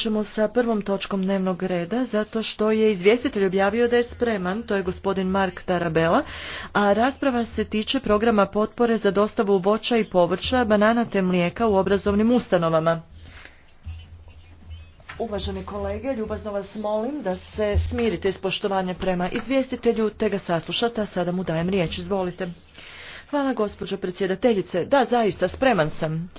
ćemo sa prvom točkom dnevnog reda zato što je izvjestitelj objavio da je spreman, to je gospodin Mark Tarabela, a rasprava se tiče programa potpore za dostavu voća i povrća, banana te mlijeka u obrazovnim ustanovama. Uvaženi kolege, ljubazno vas molim da se smirite iz poštovanja prema izvjestitelju, te ga saslušate, a sada mu dajem riječ, izvolite. Hvala gospođo predsjedateljice. Da, zaista, spreman sam.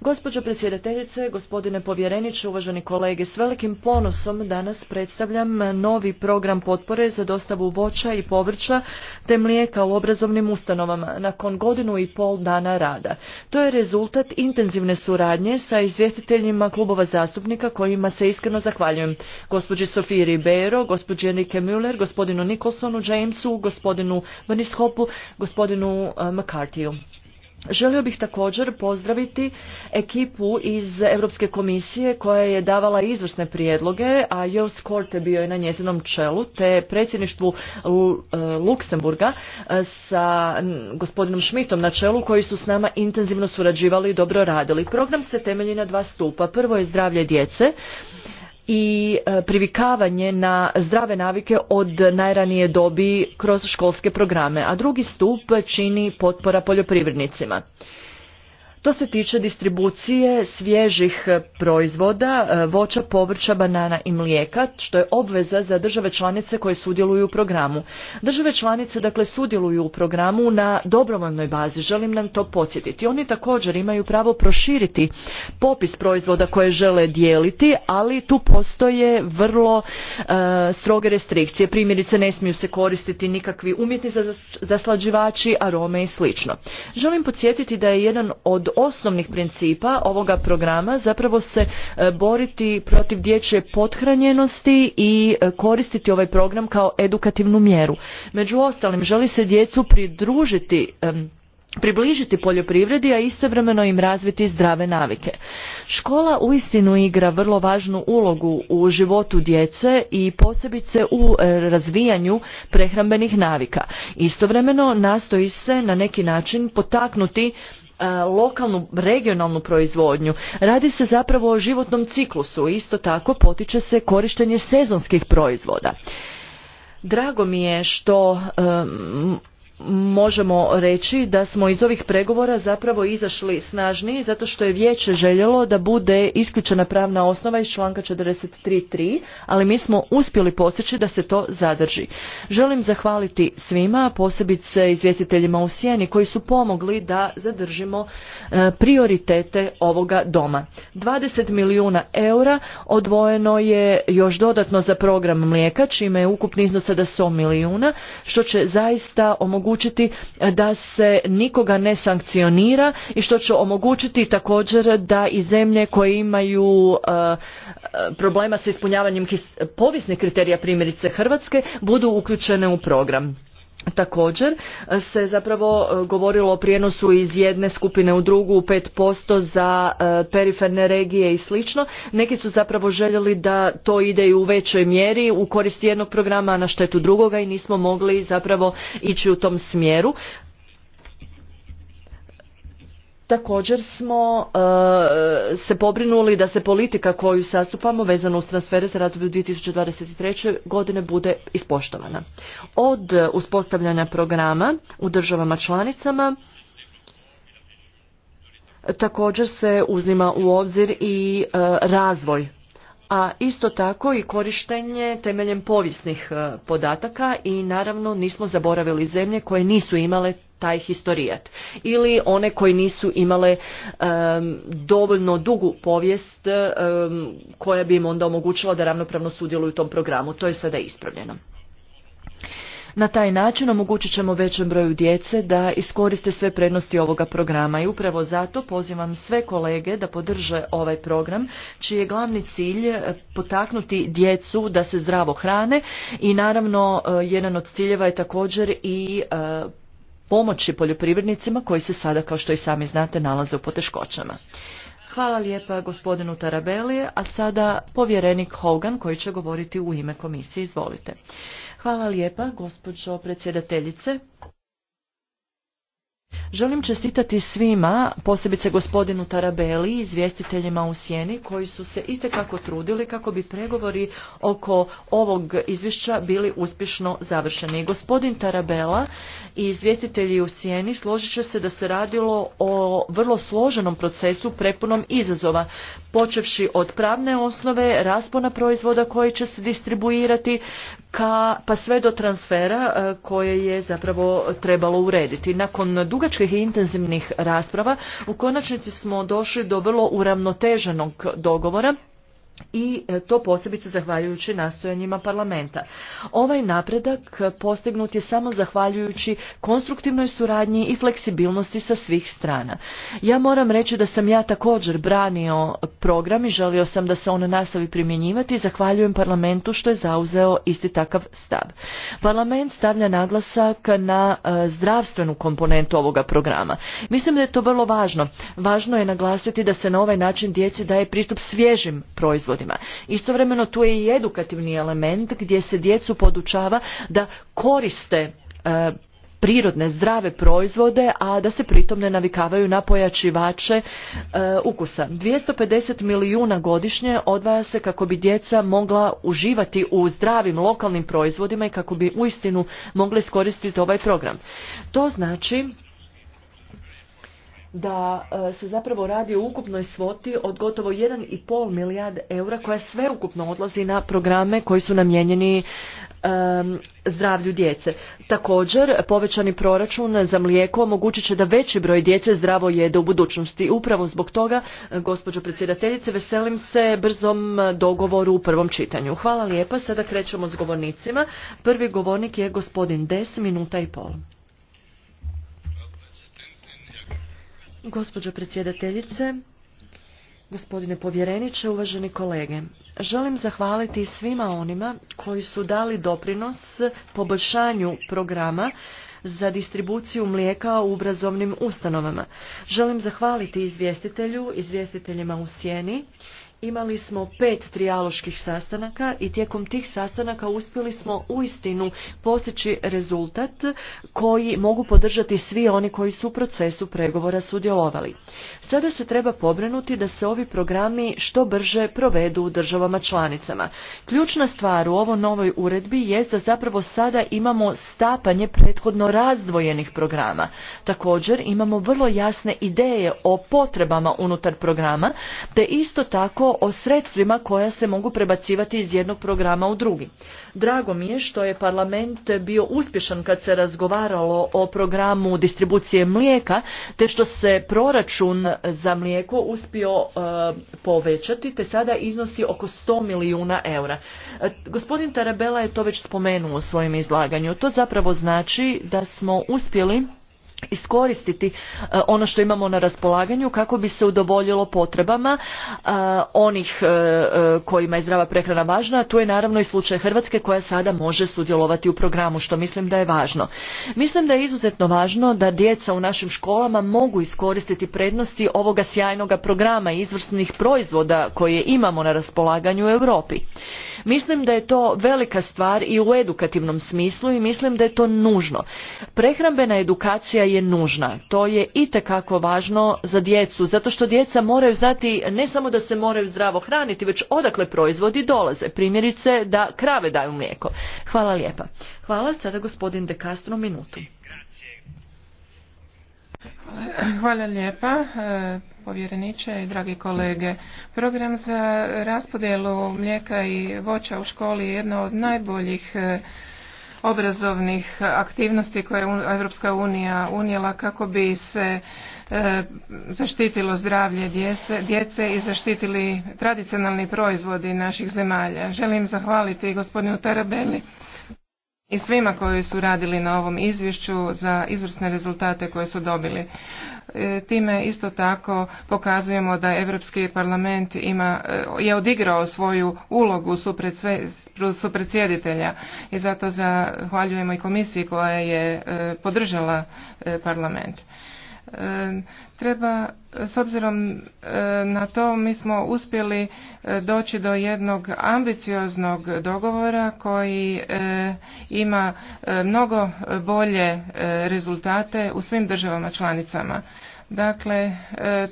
Gospođo predsjedateljice, gospodine povjereniče, uvaženi kolege, s velikim ponosom danas predstavljam novi program potpore za dostavu voća i povrća te mlijeka u obrazovnim ustanovama nakon godinu i pol dana rada. To je rezultat intenzivne suradnje sa izvjestiteljima klubova zastupnika kojima se iskreno zahvaljujem. Gospođi Sofiji Ribeiro, gospođi Enrique Müller, gospodinu Nikolsonu, Jamesu, gospodinu Vanishopu, gospodinu McCarthyju. Želio bih također pozdraviti ekipu iz Europske komisije koja je davala izvrsne prijedloge, a Jos Korte bio je na njezinom čelu, te predsjedništvu e, Luksemburga e, sa gospodinom Šmitom na čelu koji su s nama intenzivno surađivali i dobro radili. Program se temelji na dva stupa. Prvo je zdravlje djece, i e, privikavanje na zdrave navike od najranije dobi kroz školske programe, a drugi stup čini potpora poljoprivrednicima. To se tiče distribucije svježih e, proizvoda, e, voća, povrća, banana i mlijeka, što je obveza za države članice koje sudjeluju u programu. Države članice dakle sudjeluju u programu na dobrovoljnoj bazi, želim nam to podsjetiti. Oni također imaju pravo proširiti popis proizvoda koje žele dijeliti, ali tu postoje vrlo e, stroge restrikcije. Primjerice ne smiju se koristiti nikakvi umjetni zaslađivači, arome i slično. Želim podsjetiti da je jedan od osnovnih principa ovoga programa zapravo se e, boriti protiv dječje pothranjenosti i e, koristiti ovaj program kao edukativnu mjeru. Među ostalim želi se djecu pridružiti približiti poljoprivredi, a istovremeno im razviti zdrave navike. Škola uistinu igra vrlo važnu ulogu u životu djece i posebice u e, razvijanju prehrambenih navika. Istovremeno nastoji se na neki način potaknuti E, lokalnu regionalnu proizvodnju radi se zapravo o životnom ciklusu isto tako potiče se korištenje sezonskih proizvoda drago mi je što e, možemo reći da smo iz ovih pregovora zapravo izašli snažniji zato što je vijeće željelo da bude isključena pravna osnova iz članka 43.3, ali mi smo uspjeli postići da se to zadrži. Želim zahvaliti svima, posebice izvjestiteljima u Sjeni koji su pomogli da zadržimo e, prioritete ovoga doma. 20 milijuna eura odvojeno je još dodatno za program mlijeka, čime je ukupni iznos sada 100 milijuna, što će zaista omogućiti omogućiti e, da se nikoga ne sankcionira i što će omogućiti također da i zemlje koje imaju e, e, problema sa ispunjavanjem povijesnih kriterija primjerice Hrvatske budu uključene u program. Također se zapravo e, govorilo o prijenosu iz jedne skupine u drugu 5% za e, periferne regije i slično. Neki su zapravo željeli da to ide i u većoj mjeri u korist jednog programa na štetu drugoga i nismo mogli zapravo ići u tom smjeru. Također smo e, se pobrinuli da se politika koju sastupamo vezano uz transfere za razdoblje 2023. godine bude ispoštovana. Od uspostavljanja programa u državama članicama također se uzima u obzir i e, razvoj a isto tako i korištenje temeljem povijesnih e, podataka i naravno nismo zaboravili zemlje koje nisu imale taj historijat ili one koji nisu imale dovoljno dugu povijest koja bi im onda omogućila da ravnopravno sudjeluju u tom programu. To je sada ispravljeno. Na taj način omogućit ćemo većem broju djece da iskoriste sve prednosti ovoga programa i upravo zato pozivam sve kolege da podrže ovaj program čiji je glavni cilj eh, potaknuti djecu da se zdravo hrane i naravno eh, jedan od ciljeva je također i eh, pomoći poljoprivrednicima koji se sada, kao što i sami znate, nalaze u poteškoćama. Hvala lijepa gospodinu tarabelije a sada povjerenik Hogan koji će govoriti u ime komisije. Izvolite. Hvala lijepa gospođo predsjedateljice. Želim čestitati svima, posebice gospodinu Tarabeli i izvjestiteljima u Sjeni, koji su se itekako trudili kako bi pregovori oko ovog izvješća bili uspješno završeni. Gospodin Tarabela i izvjestitelji u Sjeni složit će se da se radilo o vrlo složenom procesu prepunom izazova, počevši od pravne osnove, raspona proizvoda koji će se distribuirati, pa sve do transfera e, koje je zapravo trebalo urediti. Nakon dugačkih i intenzivnih rasprava u konačnici smo došli do vrlo uravnoteženog dogovora i e, to posebice zahvaljujući nastojanjima parlamenta. Ovaj napredak postignut je samo zahvaljujući konstruktivnoj suradnji i fleksibilnosti sa svih strana. Ja moram reći da sam ja također branio program i želio sam da se on nastavi primjenjivati i zahvaljujem parlamentu što je zauzeo isti takav stav. Parlament stavlja naglasak na e, zdravstvenu komponentu ovoga programa. Mislim da je to vrlo važno. Važno je naglasiti da se na ovaj način djeci daje pristup svježim proizvodima proizvodima. Istovremeno tu je i edukativni element gdje se djecu podučava da koriste e, prirodne zdrave proizvode, a da se pritom ne navikavaju na pojačivače e, ukusa. 250 milijuna godišnje odvaja se kako bi djeca mogla uživati u zdravim lokalnim proizvodima i kako bi uistinu mogli iskoristiti ovaj program. To znači da e, se zapravo radi o ukupnoj svoti od gotovo 1,5 milijard eura koja sve ukupno odlazi na programe koji su namijenjeni zdravlju djece. Također, povećani proračun za mlijeko omogućit će da veći broj djece zdravo jede u budućnosti. Upravo zbog toga, e, gospođo predsjedateljice, veselim se brzom dogovoru u prvom čitanju. Hvala lijepa, sada krećemo s govornicima. Prvi govornik je gospodin Des, minuta i pol. Gospođo predsjedateljice, gospodine povjereniče, uvaženi kolege. Želim zahvaliti svima onima koji su dali doprinos poboljšanju programa za distribuciju mlijeka u obrazovnim ustanovama. Želim zahvaliti izvjestitelju, izvjestiteljima u sjeni Imali smo pet trijaloških sastanaka i tijekom tih sastanaka uspjeli smo uistinu postići rezultat koji mogu podržati svi oni koji su u procesu pregovora sudjelovali. Sada se treba pobrinuti da se ovi programi što brže provedu u državama članicama. Ključna stvar u ovoj novoj uredbi jest da zapravo sada imamo stapanje prethodno razdvojenih programa. Također imamo vrlo jasne ideje o potrebama unutar programa, te isto tako o sredstvima koja se mogu prebacivati iz jednog programa u drugi. Drago mi je što je parlament bio uspješan kad se razgovaralo o programu distribucije mlijeka, te što se proračun za mlijeko uspio e, povećati, te sada iznosi oko 100 milijuna eura. E, gospodin Tarabela je to već spomenuo u svojem izlaganju. To zapravo znači da smo uspjeli iskoristiti e, ono što imamo na raspolaganju kako bi se udovoljilo potrebama e, onih e, kojima je zdrava prehrana važna, a tu je naravno i slučaj Hrvatske koja sada može sudjelovati u programu, što mislim da je važno. Mislim da je izuzetno važno da djeca u našim školama mogu iskoristiti prednosti ovoga sjajnog programa i izvrsnih proizvoda koje imamo na raspolaganju u Europi. Mislim da je to velika stvar i u edukativnom smislu i mislim da je to nužno. Prehrambena edukacija je nužna. To je itekako važno za djecu, zato što djeca moraju znati ne samo da se moraju zdravo hraniti, već odakle proizvodi dolaze. Primjerice da krave daju mlijeko. Hvala lijepa. Hvala sada gospodin De Castro Hvala povjereniče i dragi kolege. Program za raspodjelu mlijeka i voća u školi je jedna od najboljih e, obrazovnih aktivnosti koje je Europska unija unijela kako bi se e, zaštitilo zdravlje djece, i zaštitili tradicionalni proizvodi naših zemalja. Želim zahvaliti gospodinu Tarabeli i svima koji su radili na ovom izvješću za izvrsne rezultate koje su dobili. E, time isto tako pokazujemo da Europski parlament ima, e, je odigrao svoju ulogu supredsjeditelja i zato zahvaljujemo i komisiji koja je e, podržala parlament treba, s obzirom e, na to, mi smo uspjeli e, doći do jednog ambicioznog dogovora koji e, ima mnogo bolje rezultate u svim državama članicama. Dakle, e,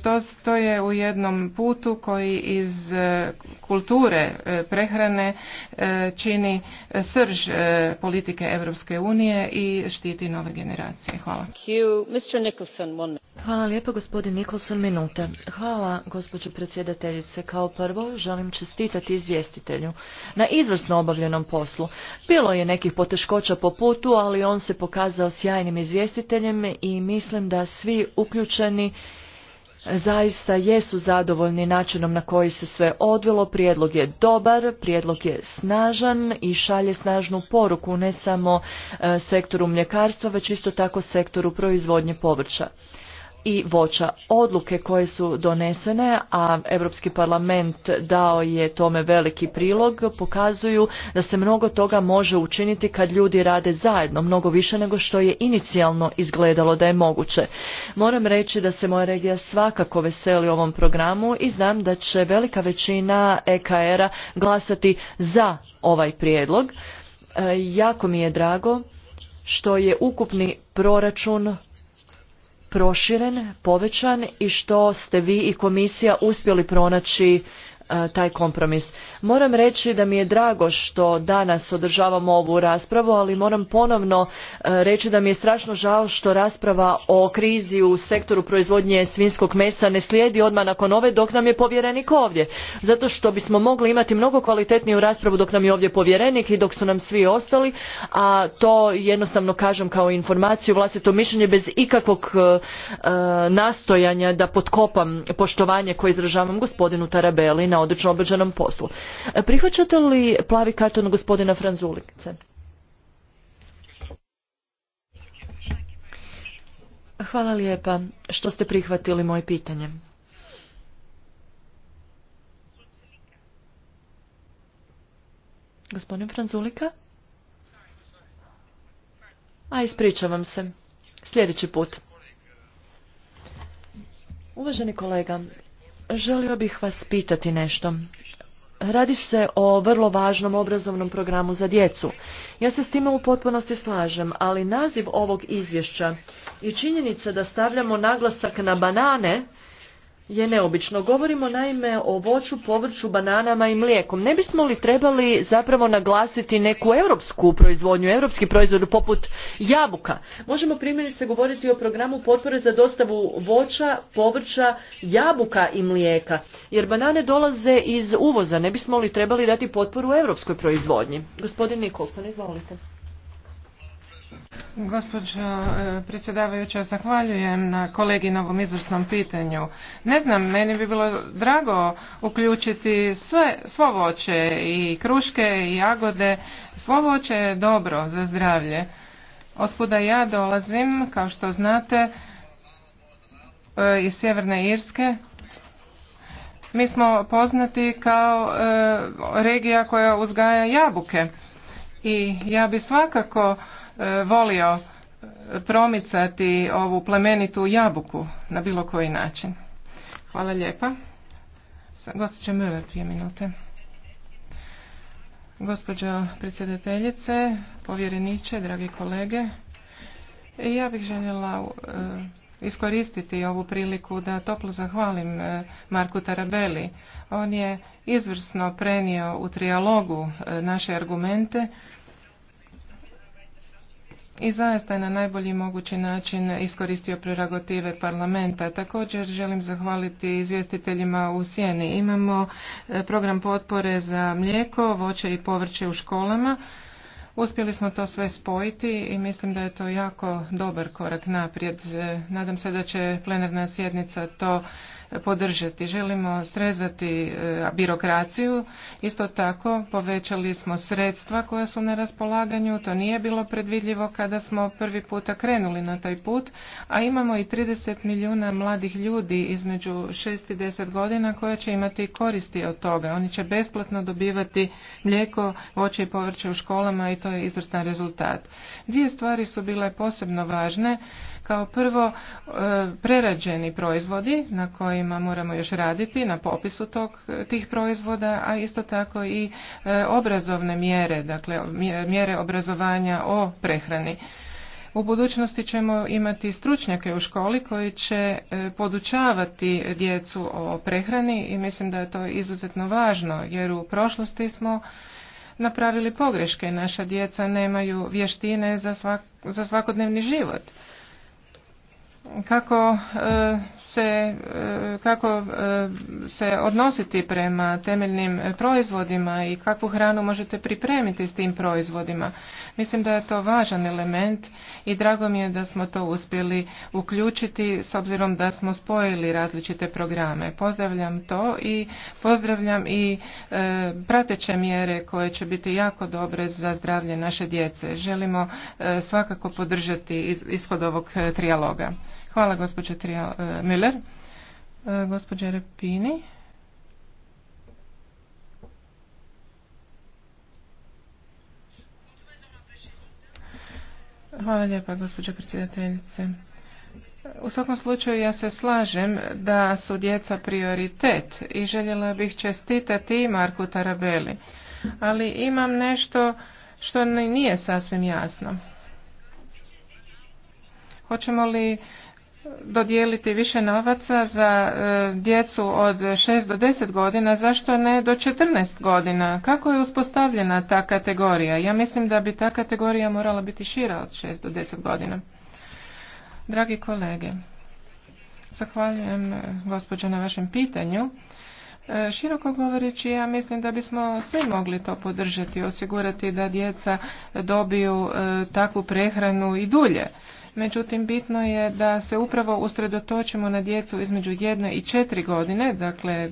to je u jednom putu koji iz e, kulture e, prehrane čini srž politike Europske unije i štiti nove generacije. Hvala. Hvala lijepo gospodin Nicholson, minuta. Hvala gospođo predsjedateljice. Kao prvo želim čestitati izvjestitelju na izvrsno obavljenom poslu. Bilo je nekih poteškoća po putu, ali on se pokazao sjajnim izvjestiteljem i mislim da svi uključeni zaista jesu zadovoljni načinom na koji se sve odvilo. Prijedlog je dobar, prijedlog je snažan i šalje snažnu poruku ne samo e, sektoru mljekarstva, već isto tako sektoru proizvodnje povrća i voća. Odluke koje su donesene, a Europski parlament dao je tome veliki prilog, pokazuju da se mnogo toga može učiniti kad ljudi rade zajedno, mnogo više nego što je inicijalno izgledalo da je moguće. Moram reći da se moja regija svakako veseli ovom programu i znam da će velika većina EKR-a glasati za ovaj prijedlog. E, jako mi je drago što je ukupni proračun proširen, povećan i što ste vi i komisija uspjeli pronaći taj kompromis. Moram reći da mi je drago što danas održavamo ovu raspravu, ali moram ponovno reći da mi je strašno žao što rasprava o krizi u sektoru proizvodnje svinskog mesa ne slijedi odmah nakon ove dok nam je povjerenik ovdje. Zato što bismo mogli imati mnogo kvalitetniju raspravu dok nam je ovdje povjerenik i dok su nam svi ostali, a to jednostavno kažem kao informaciju vlastito mišljenje bez ikakvog nastojanja da potkopam poštovanje koje izražavam gospodinu Tarabeli na odlično obrađenom poslu. E, prihvaćate li plavi karton gospodina Franzulice? Hvala lijepa što ste prihvatili moje pitanje. Gospodin Franzulika? A, ispričavam se. Sljedeći put. Uvaženi kolega, Želio bih vas pitati nešto. Radi se o vrlo važnom obrazovnom programu za djecu. Ja se s time u potpunosti slažem, ali naziv ovog izvješća i činjenica da stavljamo naglasak na banane je neobično. Govorimo naime o voću, povrću, bananama i mlijekom. Ne bismo li trebali zapravo naglasiti neku europsku proizvodnju, europski proizvod poput jabuka? Možemo primjerice govoriti o programu potpore za dostavu voća, povrća, jabuka i mlijeka. Jer banane dolaze iz uvoza. Ne bismo li trebali dati potporu europskoj proizvodnji? Gospodin Nikolson, izvolite. Gospođo e, predsjedavajuća, zahvaljujem na kolegi na ovom izvrsnom pitanju. Ne znam, meni bi bilo drago uključiti sve, svo voće i kruške i jagode. Svo voće je dobro za zdravlje. Otkuda ja dolazim, kao što znate, e, iz Sjeverne Irske, mi smo poznati kao e, regija koja uzgaja jabuke. I ja bi svakako E, volio e, promicati ovu plemenitu jabuku na bilo koji način. Hvala lijepa. Gospođa Müller, minute. Gospođo predsjedateljice, povjereniče, dragi kolege, ja bih željela e, iskoristiti ovu priliku da toplo zahvalim Marku Tarabeli. On je izvrsno prenio u trijalogu naše argumente i zaista je na najbolji mogući način iskoristio prerogative parlamenta. Također želim zahvaliti izvjestiteljima u Sjeni. Imamo e, program potpore za mlijeko, voće i povrće u školama. Uspjeli smo to sve spojiti i mislim da je to jako dobar korak naprijed. E, nadam se da će plenarna sjednica to podržati. Želimo srezati e, birokraciju. Isto tako povećali smo sredstva koja su na raspolaganju. To nije bilo predvidljivo kada smo prvi puta krenuli na taj put. A imamo i 30 milijuna mladih ljudi između 6 i 10 godina koja će imati koristi od toga. Oni će besplatno dobivati mlijeko, voće i povrće u školama i to je izvrstan rezultat. Dvije stvari su bile posebno važne. Kao prvo, e, prerađeni proizvodi na kojima moramo još raditi, na popisu tog, tih proizvoda, a isto tako i e, obrazovne mjere, dakle mjere obrazovanja o prehrani. U budućnosti ćemo imati stručnjake u školi koji će e, podučavati djecu o prehrani i mislim da je to izuzetno važno jer u prošlosti smo napravili pogreške. Naša djeca nemaju vještine za, za svakodnevni život kako e, se e, kako e, se odnositi prema temeljnim proizvodima i kakvu hranu možete pripremiti s tim proizvodima. Mislim da je to važan element i drago mi je da smo to uspjeli uključiti s obzirom da smo spojili različite programe. Pozdravljam to i pozdravljam i prateće mjere koje će biti jako dobre za zdravlje naše djece. Želimo svakako podržati ishod ovog trijaloga. Hvala gospođe uh, Miller. Eh, gospođe Repini. Hvala lijepa gospođo predsjedateljice. U svakom slučaju ja se slažem da su djeca prioritet i željela bih čestitati Marku Tarabeli. Ali imam nešto što nije sasvim jasno. Hoćemo li dodijeliti više novaca za e, djecu od 6 do 10 godina, zašto ne do 14 godina? Kako je uspostavljena ta kategorija? Ja mislim da bi ta kategorija morala biti šira od 6 do 10 godina. Dragi kolege, zahvaljujem e, gospođo na vašem pitanju. E, široko govoreći, ja mislim da bismo svi mogli to podržati, osigurati da djeca dobiju takvu prehranu i dulje međutim bitno je da se upravo usredotočimo na djecu između jedne i četiri godine, dakle e,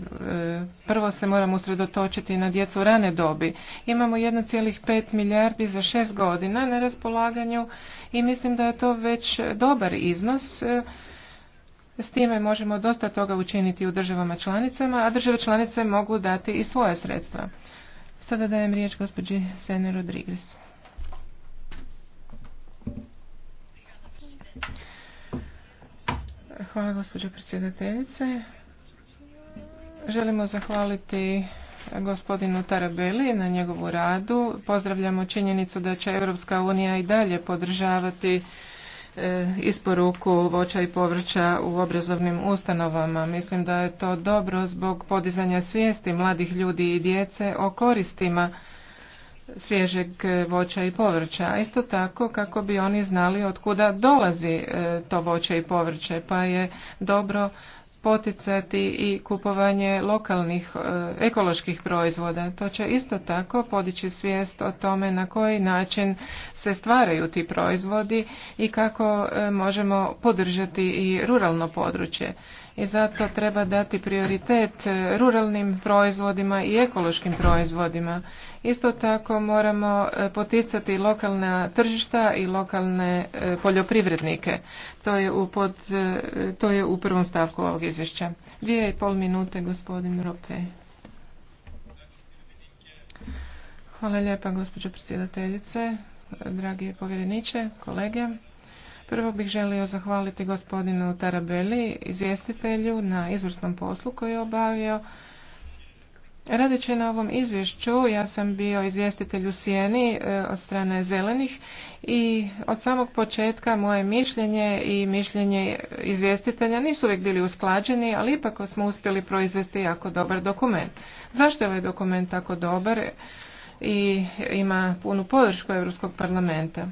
prvo se moramo usredotočiti na djecu rane dobi. Imamo 1,5 milijardi za šest godina na raspolaganju i mislim da je to već dobar iznos. E, s time možemo dosta toga učiniti u državama članicama, a države članice mogu dati i svoje sredstva. Sada dajem riječ gospođi Sene Rodriguez. Hvala gospođo predsjedateljice. Želimo zahvaliti gospodinu Tarabeli na njegovu radu. Pozdravljamo činjenicu da će Europska unija i dalje podržavati e, isporuku voća i povrća u obrazovnim ustanovama. Mislim da je to dobro zbog podizanja svijesti mladih ljudi i djece o koristima svježeg voća i povrća, a isto tako kako bi oni znali od kuda dolazi e, to voće i povrće, pa je dobro poticati i kupovanje lokalnih e, ekoloških proizvoda. To će isto tako podići svijest o tome na koji način se stvaraju ti proizvodi i kako e, možemo podržati i ruralno područje. I zato treba dati prioritet ruralnim proizvodima i ekološkim proizvodima Isto tako moramo e, poticati lokalna tržišta i lokalne e, poljoprivrednike. To je u, pod, e, to je u prvom stavku ovog izvješća. Dvije i pol minute, gospodin Rope. Hvala lijepa, gospođo predsjedateljice, dragi povjereniče, kolege. Prvo bih želio zahvaliti gospodinu Tarabeli, izvjestitelju, na izvrsnom poslu koji je obavio Radeći na ovom izvješću, ja sam bio izvjestitelj u Sijeni e, od strane zelenih i od samog početka moje mišljenje i mišljenje izvjestitelja nisu uvijek bili usklađeni, ali ipak smo uspjeli proizvesti jako dobar dokument. Zašto je ovaj dokument tako dobar i ima punu podršku Europskog parlamenta?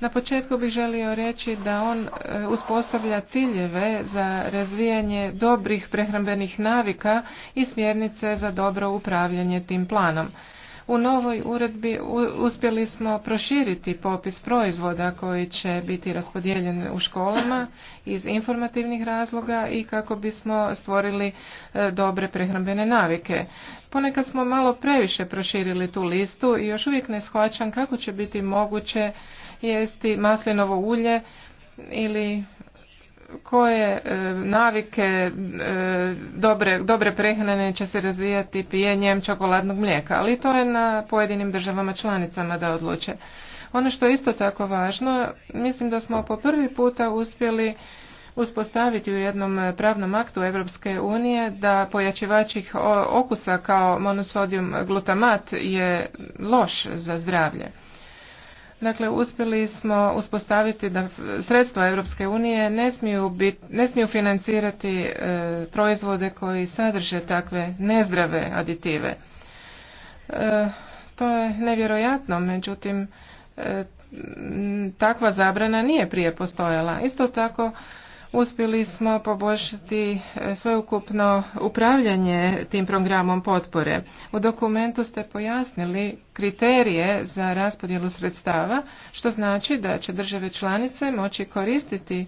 Na početku bih želio reći da on e, uspostavlja ciljeve za razvijanje dobrih prehrambenih navika i smjernice za dobro upravljanje tim planom. U novoj uredbi uspjeli smo proširiti popis proizvoda koji će biti raspodijeljen u školama iz informativnih razloga i kako bismo stvorili e, dobre prehrambene navike. Ponekad smo malo previše proširili tu listu i još uvijek ne shvaćam kako će biti moguće jesti maslinovo ulje ili koje e, navike e, dobre, dobre prehrane će se razvijati pijenjem čokoladnog mlijeka, ali to je na pojedinim državama članicama da odluče. Ono što je isto tako važno, mislim da smo po prvi puta uspjeli uspostaviti u jednom pravnom aktu Europske unije da pojačivačih okusa kao monosodium glutamat je loš za zdravlje. Dakle, uspjeli smo uspostaviti da sredstva Europske unije ne smiju, bit, ne smiju financirati e, proizvode koji sadrže takve nezdrave aditive. E, to je nevjerojatno, međutim, e, takva zabrana nije prije postojala. Isto tako, uspjeli smo poboljšati e, sveukupno upravljanje tim programom potpore. U dokumentu ste pojasnili kriterije za raspodjelu sredstava, što znači da će države članice moći koristiti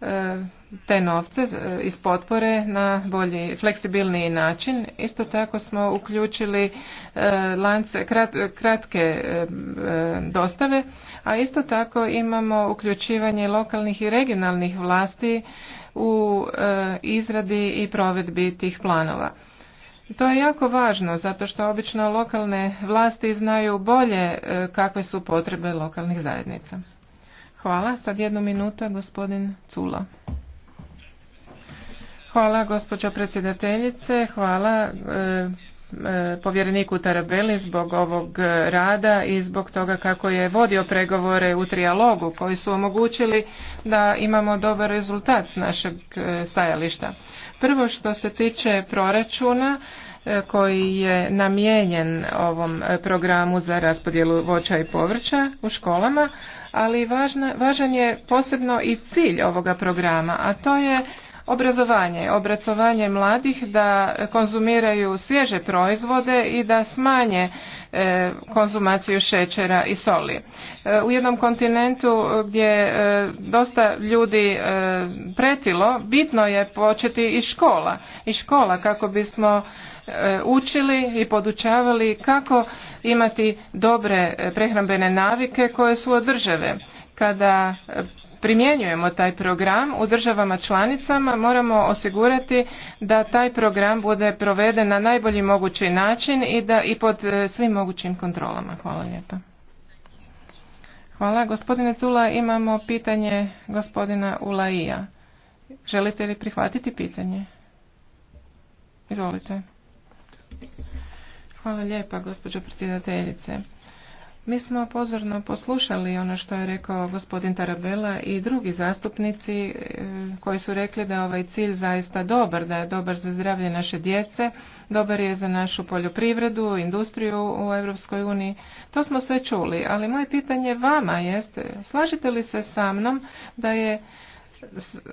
e, te novce e, iz potpore na bolji, fleksibilniji način. Isto tako smo uključili lance, kratke dostave a isto tako imamo uključivanje lokalnih i regionalnih vlasti u e, izradi i provedbi tih planova. To je jako važno zato što obično lokalne vlasti znaju bolje e, kakve su potrebe lokalnih zajednica. Hvala. Sad jednu minuta gospodin Cula. Hvala gospođo predsjedateljice, hvala e, E, povjereniku Tarabeli zbog ovog rada i zbog toga kako je vodio pregovore u trijalogu koji su omogućili da imamo dobar rezultat s našeg e, stajališta. Prvo što se tiče proračuna e, koji je namijenjen ovom programu za raspodjelu voća i povrća u školama, ali važan je posebno i cilj ovoga programa, a to je obrazovanje, obrazovanje mladih da konzumiraju svježe proizvode i da smanje e, konzumaciju šećera i soli. E, u jednom kontinentu gdje e, dosta ljudi pretilo, bitno je početi iz škola. Iz škola kako bismo učili i podučavali kako imati dobre prehrambene navike koje su održive. Kada primjenjujemo taj program u državama članicama moramo osigurati da taj program bude proveden na najbolji mogući način i da i pod e, svim mogućim kontrolama. Hvala lijepa. Hvala. Gospodine Cula, imamo pitanje gospodina Ulaija. Želite li prihvatiti pitanje? Izvolite. Hvala lijepa, gospođo predsjedateljice. Mi smo pozorno poslušali ono što je rekao gospodin Tarabela i drugi zastupnici e, koji su rekli da je ovaj cilj zaista dobar, da je dobar za zdravlje naše djece, dobar je za našu poljoprivredu, industriju u Europskoj uniji. To smo sve čuli, ali moje pitanje vama jest, slažete li se sa mnom da je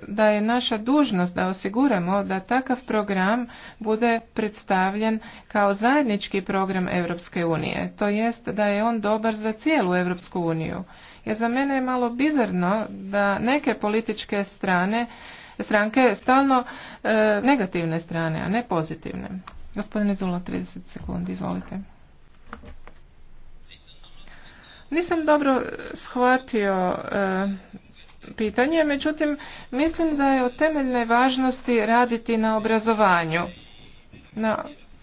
da je naša dužnost da osiguramo da takav program bude predstavljen kao zajednički program Europske unije. To jest da je on dobar za cijelu Europsku uniju. Jer za mene je malo bizarno da neke političke strane, stranke stalno e, negativne strane, a ne pozitivne. Gospodine Zula, 30 sekundi, izvolite. Nisam dobro shvatio e, pitanje, međutim mislim da je od temeljne važnosti raditi na obrazovanju, na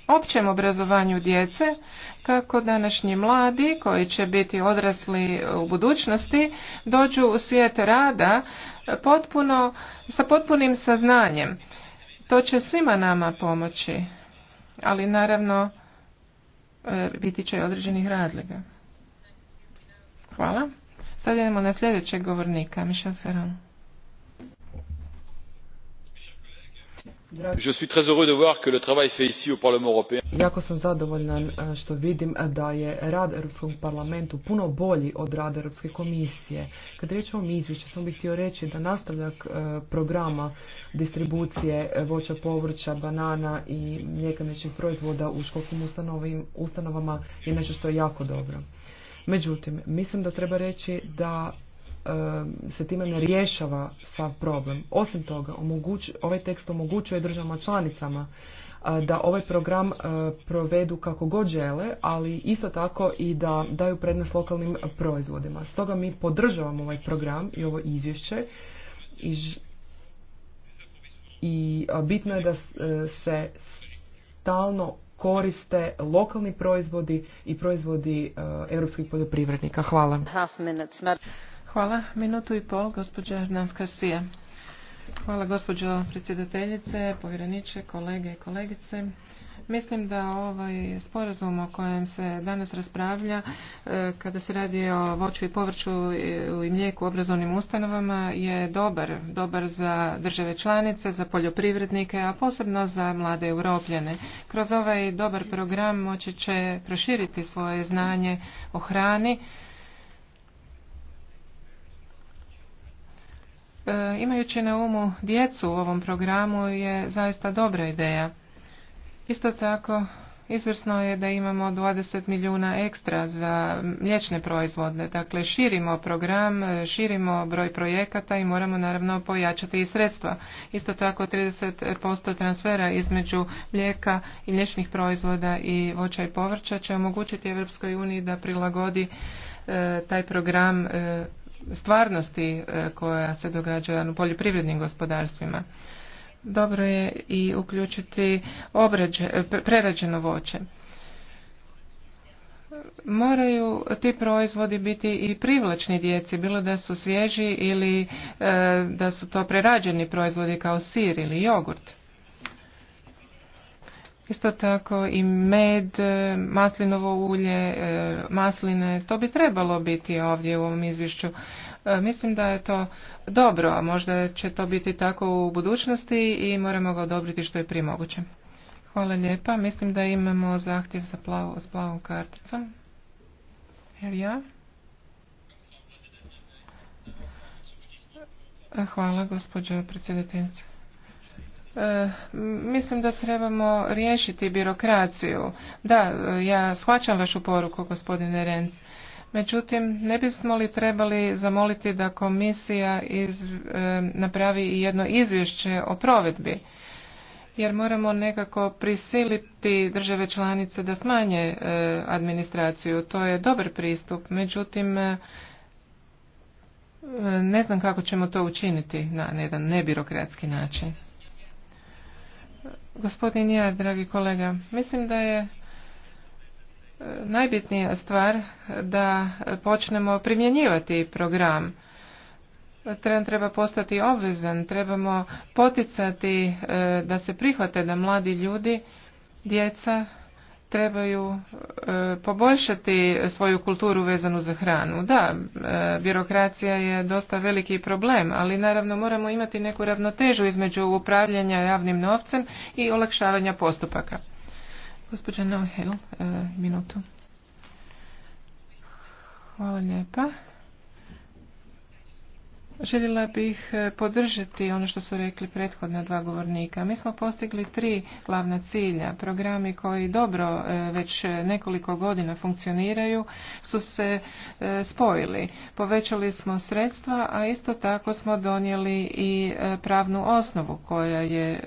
općem obrazovanju djece, kako današnji mladi koji će biti odrasli u budućnosti dođu u svijet rada potpuno, sa potpunim saznanjem. To će svima nama pomoći, ali naravno e, biti će i određenih razlika. Hvala. Sad idemo na sljedećeg govornika, Michel Ferran. Je suis très heureux de voir que le travail fait ici au Parlement européen. Jako sam zadovoljna eh, što vidim eh, da je rad Europskog parlamentu puno bolji od rada Europske komisije. Kad riječ o izvješću, sam bih htio reći da nastavljak eh, programa distribucije voća, povrća, banana i mljekarničkih proizvoda u školskim ustanovama je nešto što je jako dobro. Međutim, mislim da treba reći da se time ne rješava sav problem. Osim toga, omoguć, ovaj tekst omogućuje državama članicama da ovaj program e, provedu kako god žele, ali isto tako i da daju prednost lokalnim proizvodima. Stoga mi podržavamo ovaj program i ovo izvješće i, i bitno je da e, se stalno koriste lokalni proizvodi i proizvodi e, europskih poljoprivrednika. Hvala. Hvala. Minutu i pol, gospođa Nanska Sija. Hvala gospođo predsjedateljice, povjereniče, kolege i kolegice. Mislim da ovaj sporazum o kojem se danas raspravlja, e, kada se radi o voću i povrću i mlijeku u obrazovnim ustanovama, je dobar. Dobar za države članice, za poljoprivrednike, a posebno za mlade europljane. Kroz ovaj dobar program moći će proširiti svoje znanje o hrani, e, Imajući na umu djecu u ovom programu je zaista dobra ideja. Isto tako, izvrsno je da imamo 20 milijuna ekstra za mliječne proizvodne. Dakle, širimo program, širimo broj projekata i moramo naravno pojačati i sredstva. Isto tako, 30% transfera između mlijeka i mliječnih proizvoda i voća i povrća će omogućiti Europskoj uniji da prilagodi e, taj program e, stvarnosti e, koja se događa u poljoprivrednim gospodarstvima dobro je i uključiti obrađe, prerađeno voće. Moraju ti proizvodi biti i privlačni djeci, bilo da su svježi ili e, da su to prerađeni proizvodi kao sir ili jogurt. Isto tako i med, maslinovo ulje, e, masline, to bi trebalo biti ovdje u ovom izvješću. E, mislim da je to dobro, a možda će to biti tako u budućnosti i moramo ga odobriti što je prije moguće. Hvala lijepa. Mislim da imamo zahtjev za plavu, s plavom karticom. Jer ja. Hvala, gospođo predsjedateljice. E, mislim da trebamo riješiti birokraciju. Da, e, ja shvaćam vašu poruku, gospodine Renc. Međutim, ne bismo li trebali zamoliti da komisija iz, e, napravi jedno izvješće o provedbi? Jer moramo nekako prisiliti države članice da smanje e, administraciju. To je dobar pristup, međutim, e, ne znam kako ćemo to učiniti na jedan nebirokratski način. Gospodin ja, dragi kolega, mislim da je najbitnija stvar da počnemo primjenjivati program. Tren treba postati obvezan, trebamo poticati e, da se prihvate da mladi ljudi, djeca trebaju e, poboljšati svoju kulturu vezanu za hranu. Da, e, birokracija je dosta veliki problem, ali naravno moramo imati neku ravnotežu između upravljanja javnim novcem i olakšavanja postupaka. Gospođa Neuhel, e, minutu. Hvala lijepa. Željela bih e, podržati ono što su rekli prethodna dva govornika. Mi smo postigli tri glavna cilja. Programi koji dobro e, već nekoliko godina funkcioniraju su se e, spojili. Povećali smo sredstva, a isto tako smo donijeli i pravnu osnovu koja je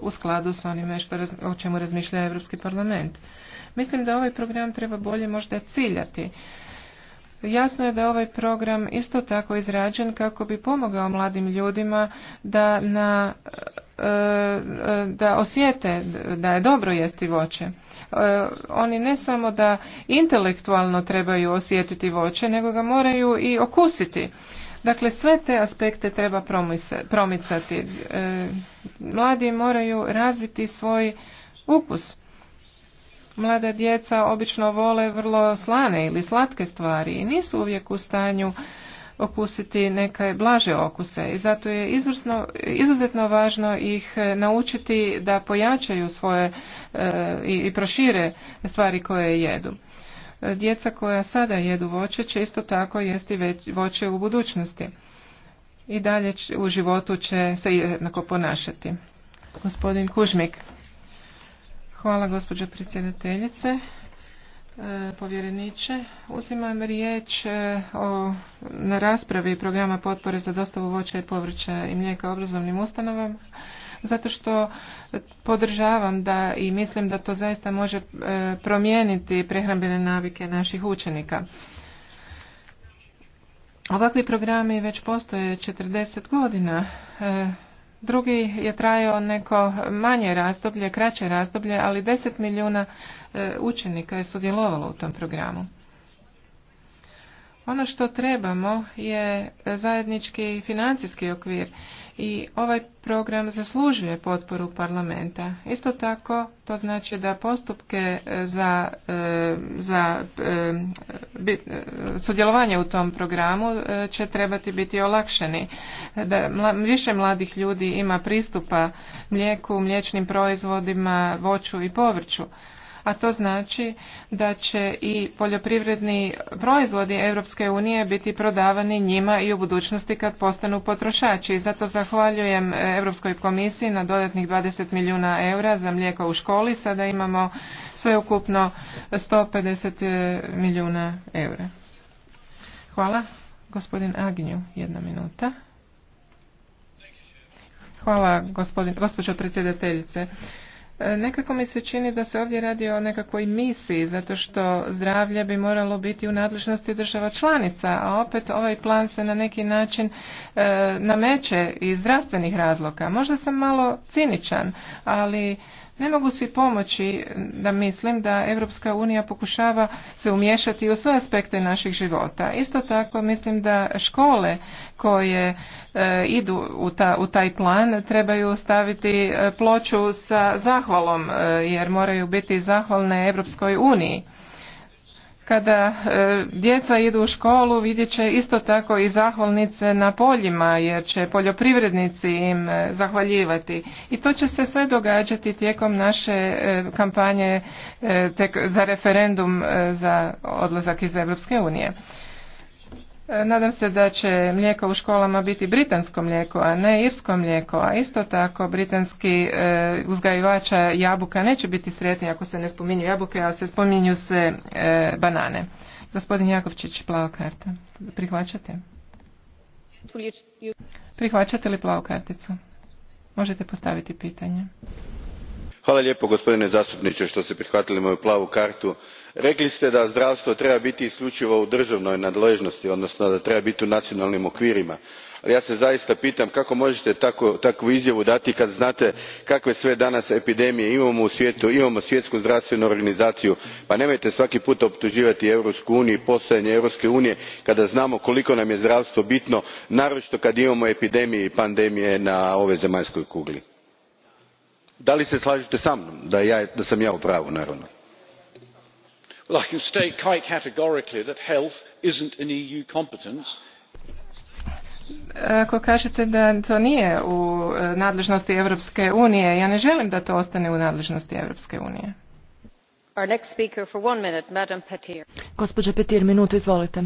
u skladu s onime što, o čemu razmišlja Europski parlament. Mislim da ovaj program treba bolje možda ciljati Jasno je da je ovaj program isto tako izrađen kako bi pomogao mladim ljudima da na e, e, da osjete da je dobro jesti voće. E, oni ne samo da intelektualno trebaju osjetiti voće, nego ga moraju i okusiti. Dakle, sve te aspekte treba promicati. Mladi moraju razviti svoj ukus. Mlada djeca obično vole vrlo slane ili slatke stvari i nisu uvijek u stanju okusiti neke blaže okuse i zato je izuzetno važno ih e, naučiti da pojačaju svoje e, i prošire stvari koje jedu. E, djeca koja sada jedu voće će isto tako jesti već voće u budućnosti i dalje u životu će se jednako ponašati. Gospodin Kužmik. Hvala gospođo predsjedateljice. E, povjereniče, uzimam riječ e, o, na raspravi programa potpore za dostavu voća i povrća i mlijeka obrazovnim ustanovama zato što podržavam da i mislim da to zaista može e, promijeniti prehrambene navike naših učenika. Ovakvi programi već postoje 40 godina drugi je trajao neko manje razdoblje, kraće razdoblje, ali 10 milijuna e, učenika je sudjelovalo u tom programu. Ono što trebamo je zajednički financijski okvir i ovaj program zaslužuje potporu parlamenta. Isto tako, to znači da postupke e, za, e, za e, sudjelovanje u tom programu će trebati biti olakšeni. Da više mladih ljudi ima pristupa mlijeku, mliječnim proizvodima, voću i povrću a to znači da će i poljoprivredni proizvodi Europske unije biti prodavani njima i u budućnosti kad postanu potrošači. Zato zahvaljujem Europskoj komisiji na dodatnih 20 milijuna eura za mlijeko u školi. Sada imamo sveukupno 150 e, milijuna eura. Hvala. Gospodin Agnju, jedna minuta. Hvala, gospođo predsjedateljice. Nekako mi se čini da se ovdje radi o nekakvoj misiji, zato što zdravlje bi moralo biti u nadležnosti država članica, a opet ovaj plan se na neki način e, nameće iz zdravstvenih razloga. Možda sam malo ciničan, ali ne mogu si pomoći da mislim da Europska unija pokušava se umješati u sve aspekte naših života. Isto tako mislim da škole koje e, idu u, taj plan trebaju staviti e, ploču sa zahvalom e, jer moraju biti zahvalne Europskoj uniji. Kada e, djeca idu u školu vidjet će isto tako i zahvalnice na poljima jer će poljoprivrednici im e, zahvaljivati i to će se sve događati tijekom naše e, kampanje za referendum za odlazak iz Europske unije. E, nadam se da će mlijeko u školama biti britansko mlijeko, a ne irsko mlijeko, a isto tako britanski e, uzgajivača jabuka neće biti sretni ako se ne spominju jabuke, ali se spominju se e, banane. Gospodin Jakovčić, plava karta. Prihvaćate? Prihvaćate li plavu karticu? Možete postaviti pitanje. Hvala lijepo gospodine zastupniče što ste prihvatili moju plavu kartu rekli ste da zdravstvo treba biti isključivo u državnoj nadležnosti odnosno da treba biti u nacionalnim okvirima ali ja se zaista pitam kako možete takvu izjavu dati kad znate kakve sve danas epidemije imamo u svijetu imamo svjetsku zdravstvenu organizaciju pa nemojte svaki put optuživati europsku uniju i postojanje europske unije kada znamo koliko nam je zdravstvo bitno naročito kad imamo epidemije i pandemije na ovoj zemaljskoj kugli. da li se slažete sa mnom da sam ja u pravu naravno? i can state quite categorically that health isn't an eu competence ako kažete da to nije u e, nadležnosti Europske unije, ja ne želim da to ostane u nadležnosti Europske unije. Gospođa Petir, minutu, izvolite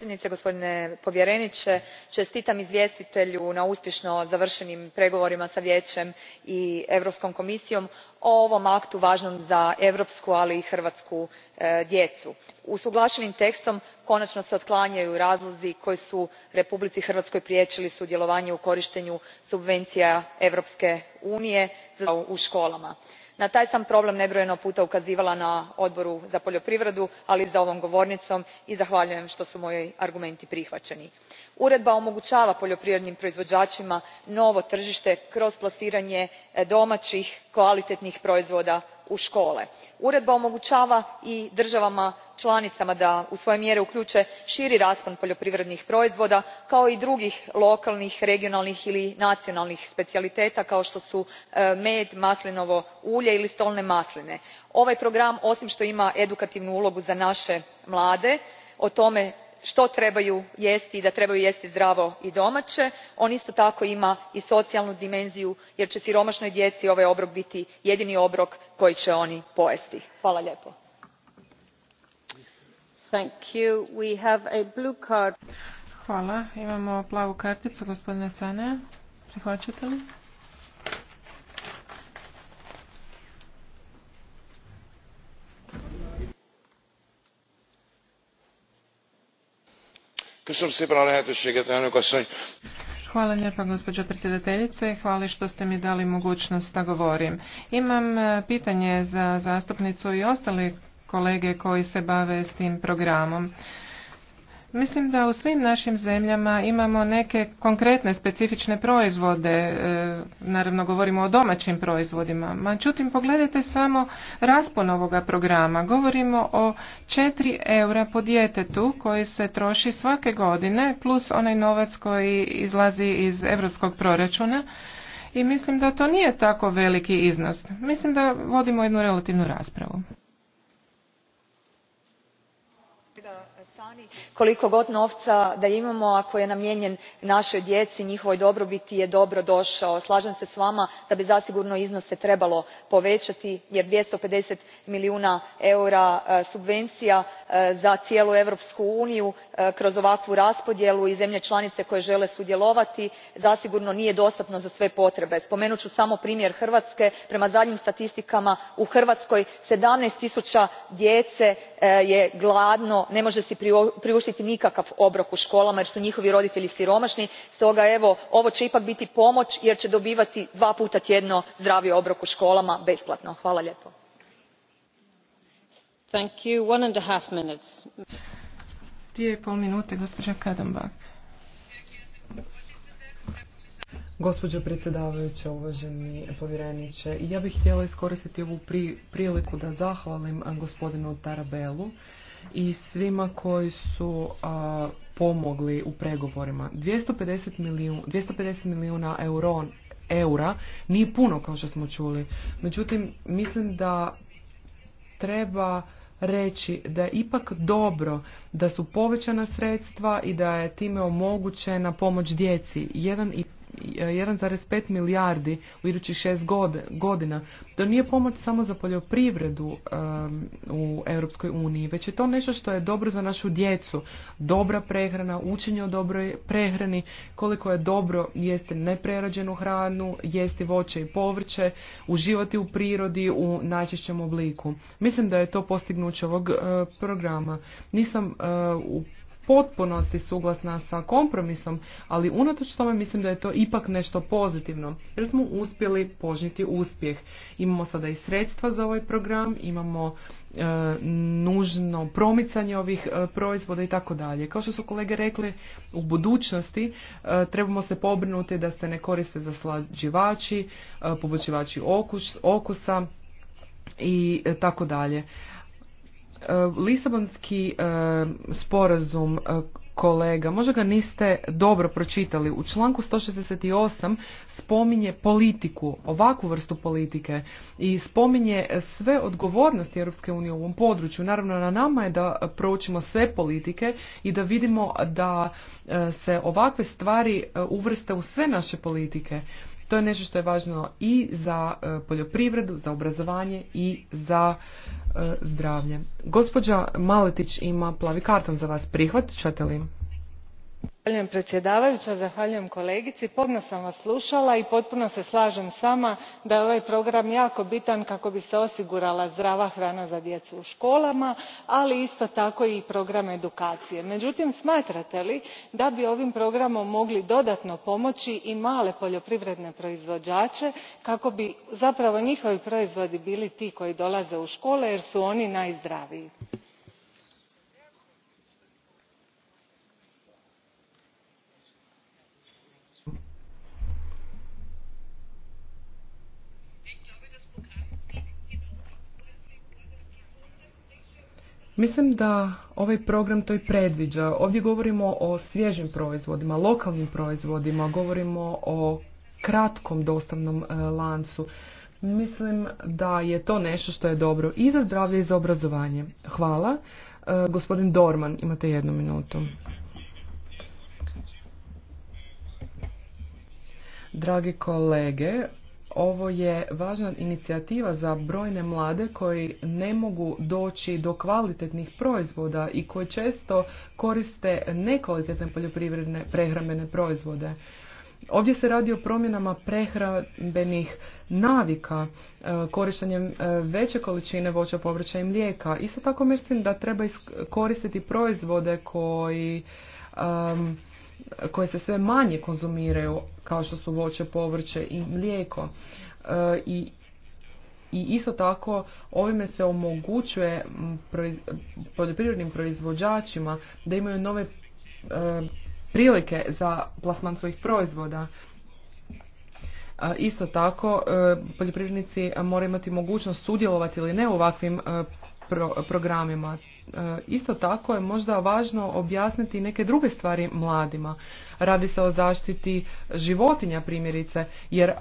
predsjednice gospodine povjereniče čestitam izvjestitelju na uspješno završenim pregovorima s vijećem i europskom komisijom o ovom aktu važnom za europsku ali i hrvatsku e, djecu. usuglašenim tekstom konačno se otklanjaju razlozi koji su republici hrvatskoj priječili sudjelovanje u korištenju subvencija europske unije za u školama na taj sam problem nebrojeno puta ukazivala na odboru za poljoprivredu ali i za ovom govornicom i zahvaljujem što su moji argumenti prihvaćeni. uredba omogućava poljoprivrednim proizvođačima novo tržište kroz plasiranje domaćih kvalitetnih proizvoda u škole. uredba omogućava i državama članicama da u svoje mjere uključe širi raspon poljoprivrednih proizvoda kao i drugih lokalnih regionalnih ili nacionalnih specijaliteta kao što su e, med maslinovo ulje ili stolne masline. ovaj program osim što ima edukativnu ulogu za naše mlade o tome što trebaju jesti i da trebaju jesti zdravo i domaće on isto tako ima i socijalnu dimenziju jer će siromašnoj djeci ovaj obrok biti jedini obrok koji će oni pojesti. imamo plavu karticu gospodine Hvala lijepa gospođo predsjedateljice. Hvala što ste mi dali mogućnost da govorim. Imam e, pitanje za zastupnicu i ostale kolege koji se bave s tim programom. Mislim da u svim našim zemljama imamo neke konkretne specifične proizvode, e, naravno govorimo o domaćim proizvodima, međutim pogledajte samo raspon ovoga programa. Govorimo o 4 eura po djetetu koji se troši svake godine plus onaj novac koji izlazi iz europskog proračuna i mislim da to nije tako veliki iznos. Mislim da vodimo jednu relativnu raspravu. koliko god novca da imamo ako je namijenjen našoj djeci njihovoj dobrobiti je dobro došao. slažem se s vama da bi zasigurno iznose trebalo povećati jer two hundred milijuna eura e, subvencija e, za cijelu europsku uniju e, kroz ovakvu raspodjelu i zemlje članice koje žele sudjelovati zasigurno nije dostatno za sve potrebe. spomenut ću samo primjer hrvatske. prema zadnjim statistikama u hrvatskoj sedamnaest tisuća djece je gladno ne može si priuštiti nikakav obrok u školama jer su njihovi roditelji siromašni stoga evo ovo će ipak biti pomoć jer će dobivati dva puta tjedno zdravi obrok u školama besplatno. gospođo predsjedavajuća uvaženi povjereniče ja bih htjela iskoristiti ovu priliku da zahvalim gospodinu tarabellu i svima koji su pomogli u pregovorima. 250 milijuna, milijuna eura nije puno kao što smo čuli. Međutim, mislim da treba reći da je ipak dobro da su povećana sredstva i da je time omogućena pomoć djeci. i 1,5 milijardi u idućih šest godina. To nije pomoć samo za poljoprivredu u Europskoj uniji, već je to nešto što je dobro za našu djecu. Dobra prehrana, učenje o dobroj prehrani, koliko je dobro jesti neprerađenu hranu, jesti voće i povrće, uživati u prirodi u najčešćem obliku. Mislim da je to postignuće ovog eh, programa. Nisam eh, u potpunosti suglasna sa kompromisom, ali unatoč tome mislim da je to ipak nešto pozitivno, jer smo uspjeli požniti uspjeh. Imamo sada i sredstva za ovaj program, imamo e, nužno promicanje ovih e, proizvoda i tako dalje. Kao što su kolege rekli, u budućnosti e, trebamo se pobrinuti da se ne koriste zaslađivači, poboljšivači okus, okusa i tako dalje. E, Lisabonski e, sporazum e, kolega, možda ga niste dobro pročitali. U članku 168 spominje politiku, ovakvu vrstu politike i spominje sve odgovornosti Europske unije u ovom području. Naravno, na nama je da proučimo sve politike i da vidimo da se ovakve stvari uvrste u sve naše politike. To je nešto što je važno i za e, poljoprivredu, za obrazovanje i za e, zdravlje. Gospođa Maletić ima plavi karton za vas. Prihvaćate li? gospođo predsjednice zahvaljujem kolegici. pomno sam vas slušala i potpuno se slažem s vama da je ovaj program jako bitan kako bi se osigurala zdrava hrana za djecu u školama ali isto tako i program edukacije. međutim smatrate li da bi ovim programom mogli dodatno pomoći i male poljoprivredne proizvođače kako bi zapravo njihovi proizvodi bili ti koji dolaze u škole jer su oni najzdraviji? Mislim da ovaj program to i predviđa. Ovdje govorimo o svježim proizvodima, lokalnim proizvodima, govorimo o kratkom dostavnom e, lancu. Mislim da je to nešto što je dobro i za zdravlje i za obrazovanje. Hvala. E, gospodin Dorman, imate jednu minutu. Dragi kolege, ovo je važna inicijativa za brojne mlade koji ne mogu doći do kvalitetnih proizvoda i koji često koriste nekvalitetne poljoprivredne prehrambene proizvode. Ovdje se radi o promjenama prehrambenih navika, e, korištenjem e, veće količine voća, povrća i mlijeka. Isto tako mislim da treba koristiti proizvode koji koje se sve manje konzumiraju kao što su voće, povrće i mlijeko. E, I i isto tako ovime se omogućuje proiz poljoprivrednim proizvođačima da imaju nove e, prilike za plasman svojih proizvoda. E, isto tako e, poljoprivrednici moraju imati mogućnost sudjelovati ili ne u ovakvim programima. E, isto tako je možda važno objasniti neke druge stvari mladima. Radi se o zaštiti životinja primjerice, jer e,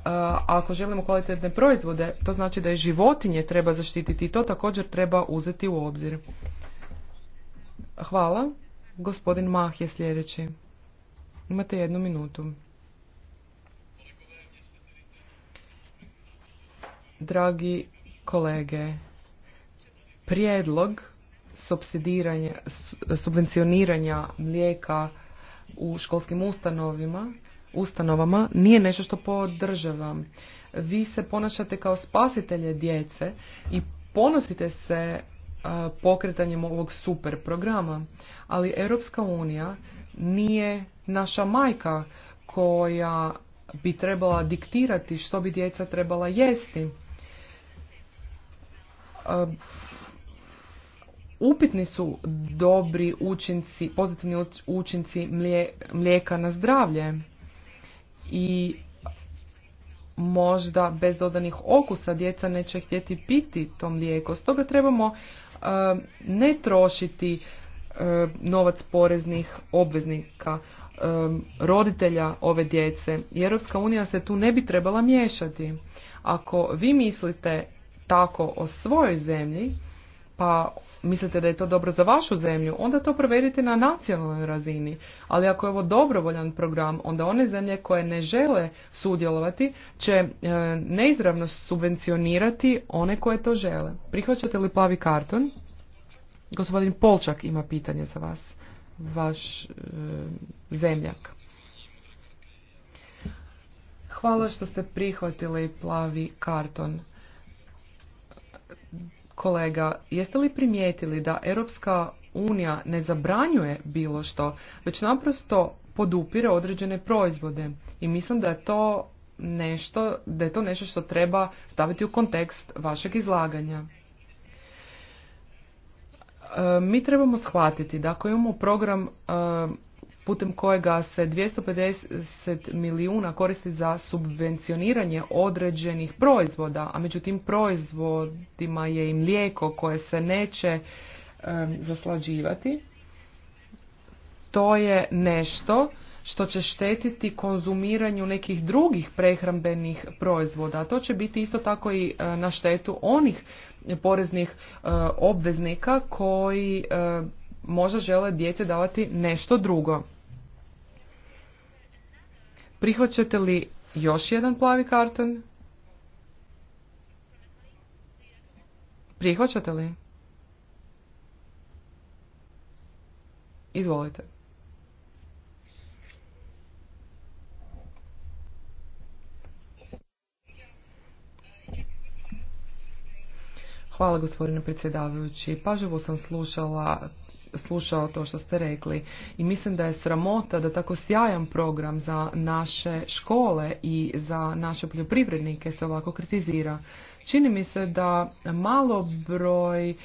ako želimo kvalitetne proizvode, to znači da je životinje treba zaštititi i to također treba uzeti u obzir. Hvala. Gospodin Mah je sljedeći. Imate jednu minutu. Dragi kolege, prijedlog subvencioniranja mlijeka u školskim ustanovima, ustanovama nije nešto što podržavam. Vi se ponašate kao spasitelje djece i ponosite se e, pokretanjem ovog super programa, ali Europska unija nije naša majka koja bi trebala diktirati što bi djeca trebala jesti e, upitni su dobri učinci, pozitivni učinci mlijeka na zdravlje i možda bez dodanih okusa djeca neće htjeti piti to mlijeko. Stoga trebamo e, ne trošiti e, novac poreznih obveznika, e, roditelja ove djece. I Europska unija se tu ne bi trebala miješati. Ako vi mislite tako o svojoj zemlji, pa mislite da je to dobro za vašu zemlju, onda to provedite na nacionalnoj razini. Ali ako je ovo dobrovoljan program, onda one zemlje koje ne žele sudjelovati će e, neizravno subvencionirati one koje to žele. Prihvaćate li plavi karton? Gospodin Polčak ima pitanje za vas, vaš e, zemljak. Hvala što ste prihvatili plavi karton kolega, jeste li primijetili da Europska unija ne zabranjuje bilo što, već naprosto podupire određene proizvode i mislim da je to nešto, da je to nešto što treba staviti u kontekst vašeg izlaganja. E, mi trebamo shvatiti da ako imamo program e, putem kojega se 250 milijuna koristi za subvencioniranje određenih proizvoda, a međutim proizvodima je i mlijeko koje se neće zaslađivati. To je nešto što će štetiti konzumiranju nekih drugih prehrambenih proizvoda. to će biti isto tako i e, na štetu onih poreznih e, obveznika koji e, možda žele djece davati nešto drugo. Prihvaćate li još jedan plavi karton? Prihvaćate li? Izvolite. Hvala gospodine predsjedavajući. Pažljivo sam slušala slušao to što ste rekli i mislim da je sramota da tako sjajan program za naše škole i za naše poljoprivrednike se ovako kritizira. Čini mi se da malo broj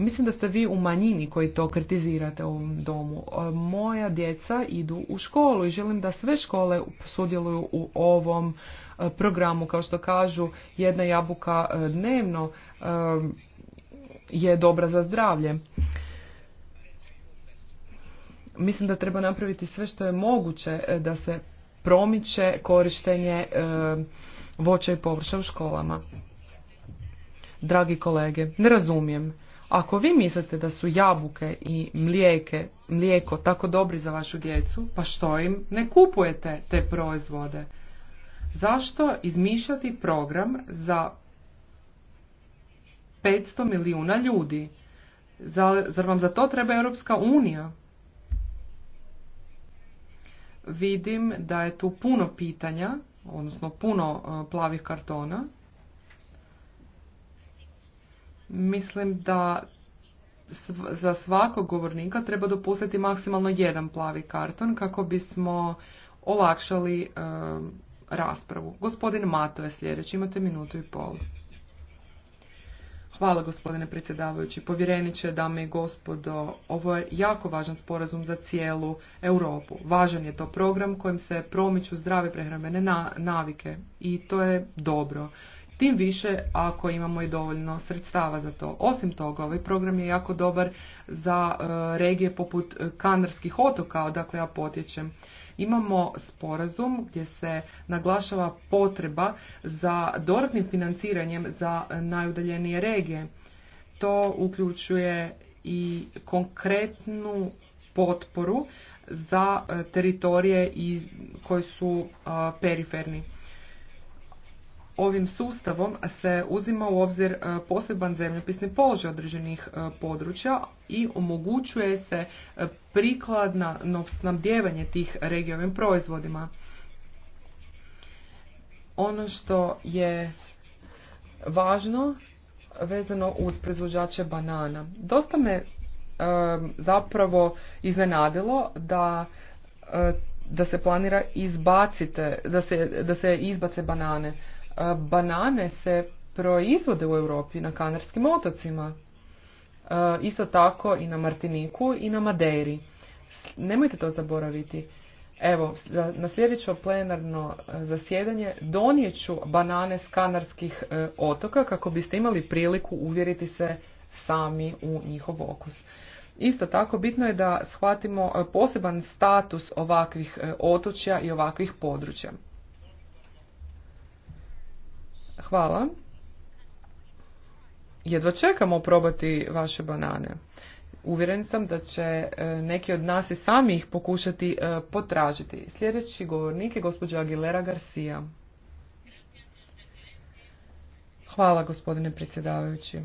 Mislim da ste vi u manjini koji to kritizirate u ovom domu. E, moja djeca idu u školu i želim da sve škole sudjeluju u ovom e, programu. Kao što kažu, jedna jabuka e, dnevno je dobra za zdravlje. Mislim da treba napraviti sve što je moguće e, da se promiče korištenje e, voća i povrća u školama. Dragi kolege, ne razumijem. Ako vi mislite da su jabuke i mlijeke, mlijeko tako dobri za vašu djecu, pa što im ne kupujete te proizvode? Zašto izmišljati program za 500 milijuna ljudi? Zar vam za to treba Europska unija? vidim da je tu puno pitanja, odnosno puno e, plavih kartona. Mislim da za svakog govornika treba dopustiti maksimalno jedan plavi karton kako bismo olakšali e, raspravu. Gospodin Mato je sljedeći, imate minutu i pol. Hvala gospodine predsjedavajući. Povjereniče, dame i gospodo, ovo je jako važan sporazum za cijelu Europu. Važan je to program kojim se promiču zdrave prehrambene navike i to je dobro. Tim više ako imamo i dovoljno sredstava za to. Osim toga, ovaj program je jako dobar za e, regije poput Kanarskih otoka, odakle ja potječem. Imamo sporazum gdje se naglašava potreba za dodatnim financiranjem za najudaljenije regije. To uključuje i konkretnu potporu za e, teritorije iz, koji su periferni ovim sustavom se uzima u obzir e, poseban zemljopisni položaj određenih e, područja i omogućuje se e, prikladna snabdjevanje tih regijovim proizvodima. Ono što je važno vezano uz proizvođače banana. Dosta me zapravo iznenadilo da se planira izbacite, da se izbace banane banane se proizvode u Europi na Kanarskim otocima. Isto tako i na Martiniku i na Madeiri. Nemojte to zaboraviti. Evo, na sljedeće plenarno zasjedanje donijeću banane s Kanarskih otoka kako biste imali priliku uvjeriti se sami u njihov okus. Isto tako bitno je da shvatimo poseban status ovakvih otočja i ovakvih područja. Hvala. Jedva čekamo probati vaše banane. Uvjeren sam da će e, neki od nas i sami ih pokušati e, potražiti. Sljedeći govornik je gospođa Aguilera Garcia. Hvala gospodine predsjedavajući.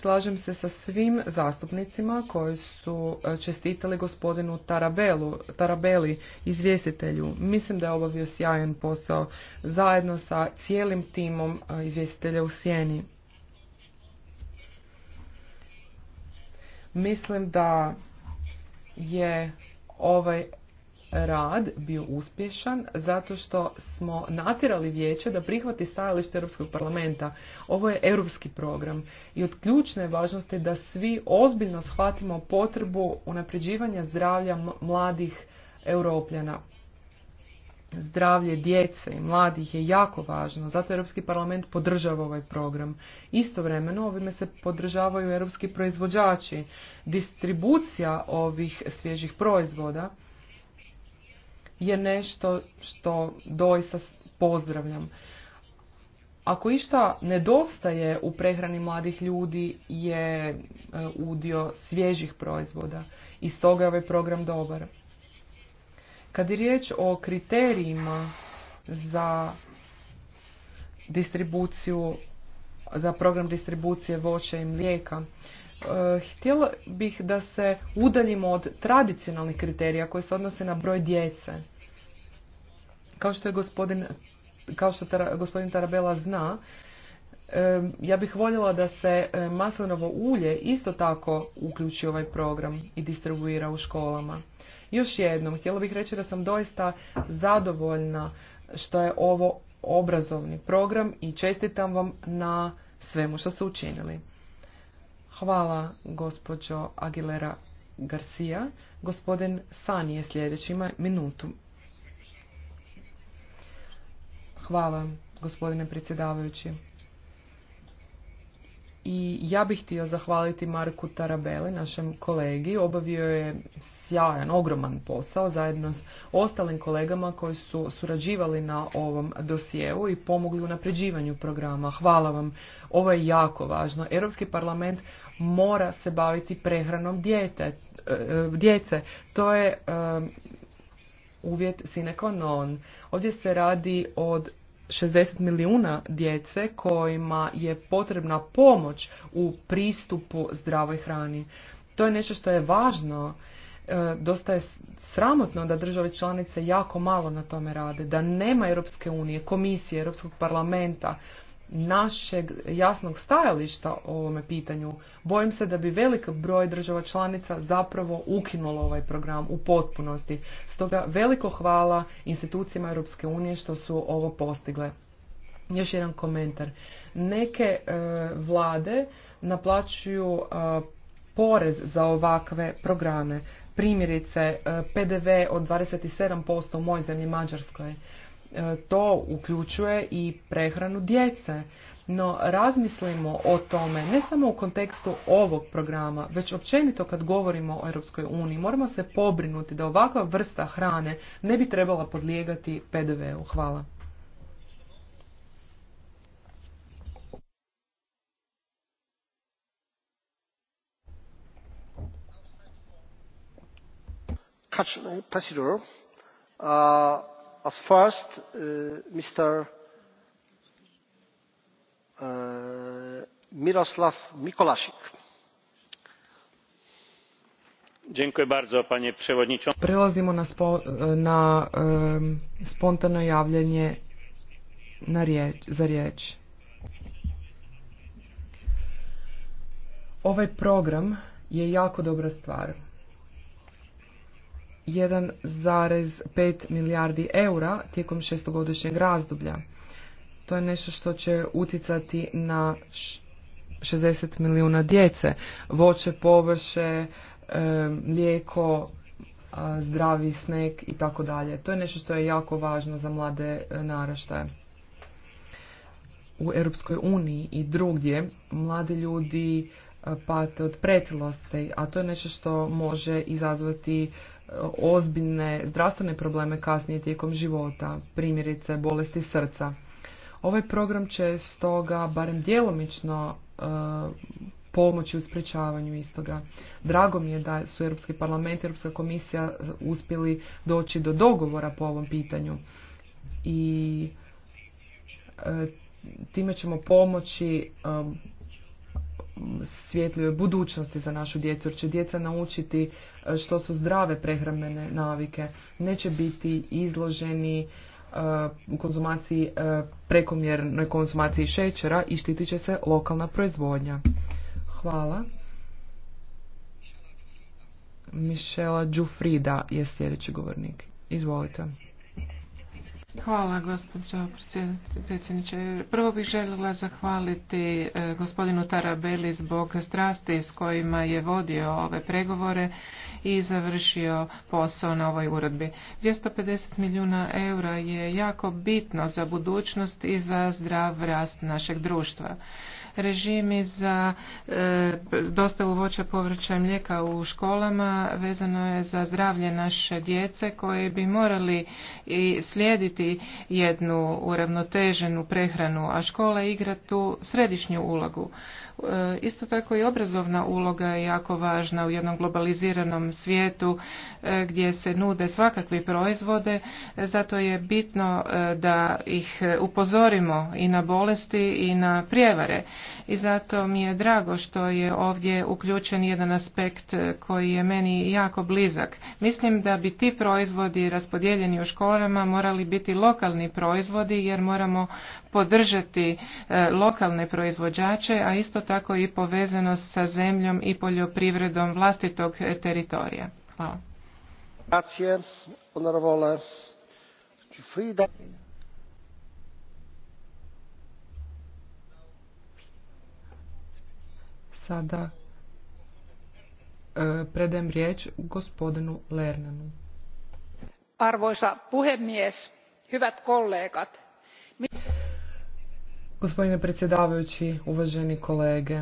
Slažem se sa svim zastupnicima koji su e, čestitali gospodinu Tarabelu, Tarabeli, izvjestitelju. Mislim da je obavio sjajan posao zajedno sa cijelim timom e, izvjestitelja u Sjeni. Mislim da je ovaj rad bio uspješan zato što smo natjerali vijeće da prihvati stajalište Europskog parlamenta. Ovo je europski program i od ključne važnosti da svi ozbiljno shvatimo potrebu unapređivanja zdravlja mladih europljana. Zdravlje djece i mladih je jako važno, zato Europski parlament podržava ovaj program. Istovremeno ovime se podržavaju europski proizvođači. Distribucija ovih svježih proizvoda je nešto što doista pozdravljam. Ako išta nedostaje u prehrani mladih ljudi je e, udio svježih proizvoda i stoga je ovaj program dobar. Kad je riječ o kriterijima za distribuciju, za program distribucije voća i mlijeka, e, htjela bih da se udaljimo od tradicionalnih kriterija koji se odnose na broj djece. Kao što je gospodin, kao što gospodin Tarabela zna, ja bih voljela da se maslinovo ulje isto tako uključi ovaj program i distribuira u školama. Još jednom, htjela bih reći da sam doista zadovoljna što je ovo obrazovni program i čestitam vam na svemu što ste učinili. Hvala gospođo Aguilera Garcia. Gospodin Sani je sljedeći, ima minutu. Hvala, gospodine predsjedavajući. I ja bih htio zahvaliti Marku Tarabeli, našem kolegi. Obavio je sjajan, ogroman posao zajedno s ostalim kolegama koji su surađivali na ovom dosjeu i pomogli u napređivanju programa. Hvala vam. Ovo je jako važno. Europski parlament mora se baviti prehranom djete, e, djece. To je e, uvjet sine Ovdje se radi od 60 milijuna djece kojima je potrebna pomoć u pristupu zdravoj hrani. To je nešto što je važno. E, dosta je sramotno da države članice jako malo na tome rade, da nema Europske unije, komisije, Europskog parlamenta, našeg jasnog stajališta o ovome pitanju, bojim se da bi velik broj država članica zapravo ukinulo ovaj program u potpunosti. Stoga veliko hvala institucijama Europske unije što su ovo postigle. Još jedan komentar. Neke e, vlade naplaćuju e, porez za ovakve programe. Primjerice, e, PDV od 27% u moj zemlji Mađarskoj. E, to uključuje i prehranu djece. No razmislimo o tome ne samo u kontekstu ovog programa, već općenito kad govorimo o Europskoj uniji, moramo se pobrinuti da ovakva vrsta hrane ne bi trebala podlijegati PDV-u. Hvala first uh, mr uh, Miroslav przewodniczący! prelazimo na, e, na spontano javljanje za riječ. ovaj program je jako dobra stvar. 1,5 milijardi eura tijekom šestogodišnjeg razdoblja. To je nešto što će uticati na 60 milijuna djece. Voće, površe, mlijeko, zdravi snek i tako dalje. To je nešto što je jako važno za mlade e, naraštaje. U Europskoj uniji i drugdje mladi ljudi e, pate od pretilosti, a to je nešto što može izazvati ozbiljne zdravstvene probleme kasnije tijekom života, primjerice bolesti srca. Ovaj program će stoga barem djelomično e, pomoći u sprječavanju istoga. Drago mi je da su Europski parlament i Europska komisija uspjeli doći do dogovora po ovom pitanju i e, time ćemo pomoći e, svjetljive budućnosti za našu djecu, jer će djeca naučiti e, što su zdrave prehrambene navike, neće biti izloženi e, u konzumaciji, e, prekomjernoj konzumaciji šećera i štiti će se lokalna proizvodnja. Hvala. Mišela Đufrida je sljedeći govornik. Izvolite. Hvala gospođo predsjedniče. Prvo bih željela zahvaliti e, gospodinu Tarabeli zbog strasti s kojima je vodio ove pregovore i završio posao na ovoj uredbi. 250 milijuna eura je jako bitno za budućnost i za zdrav rast našeg društva režimi za e, dostavu voća, povrća i mlijeka u školama vezano je za zdravlje naše djece koje bi morali i slijediti jednu uravnoteženu prehranu, a škola igra tu središnju ulogu. E, isto tako i obrazovna uloga je jako važna u jednom globaliziranom svijetu e, gdje se nude svakakvi proizvode, e, zato je bitno da ih upozorimo i na bolesti i na prijevare. I zato mi je drago što je ovdje uključen jedan aspekt koji je meni jako blizak. Mislim da bi ti proizvodi raspodijeljeni u školama morali biti lokalni proizvodi jer moramo podržati lokalne proizvođače, a isto tako i povezanost sa zemljom i poljoprivredom vlastitog teritorija. Hvala. Sada e, predajem riječ gospodinu Lernanu. Arvoisa puhemies, hyvät kollegat, Gospodine predsjedavajući, uvaženi kolege,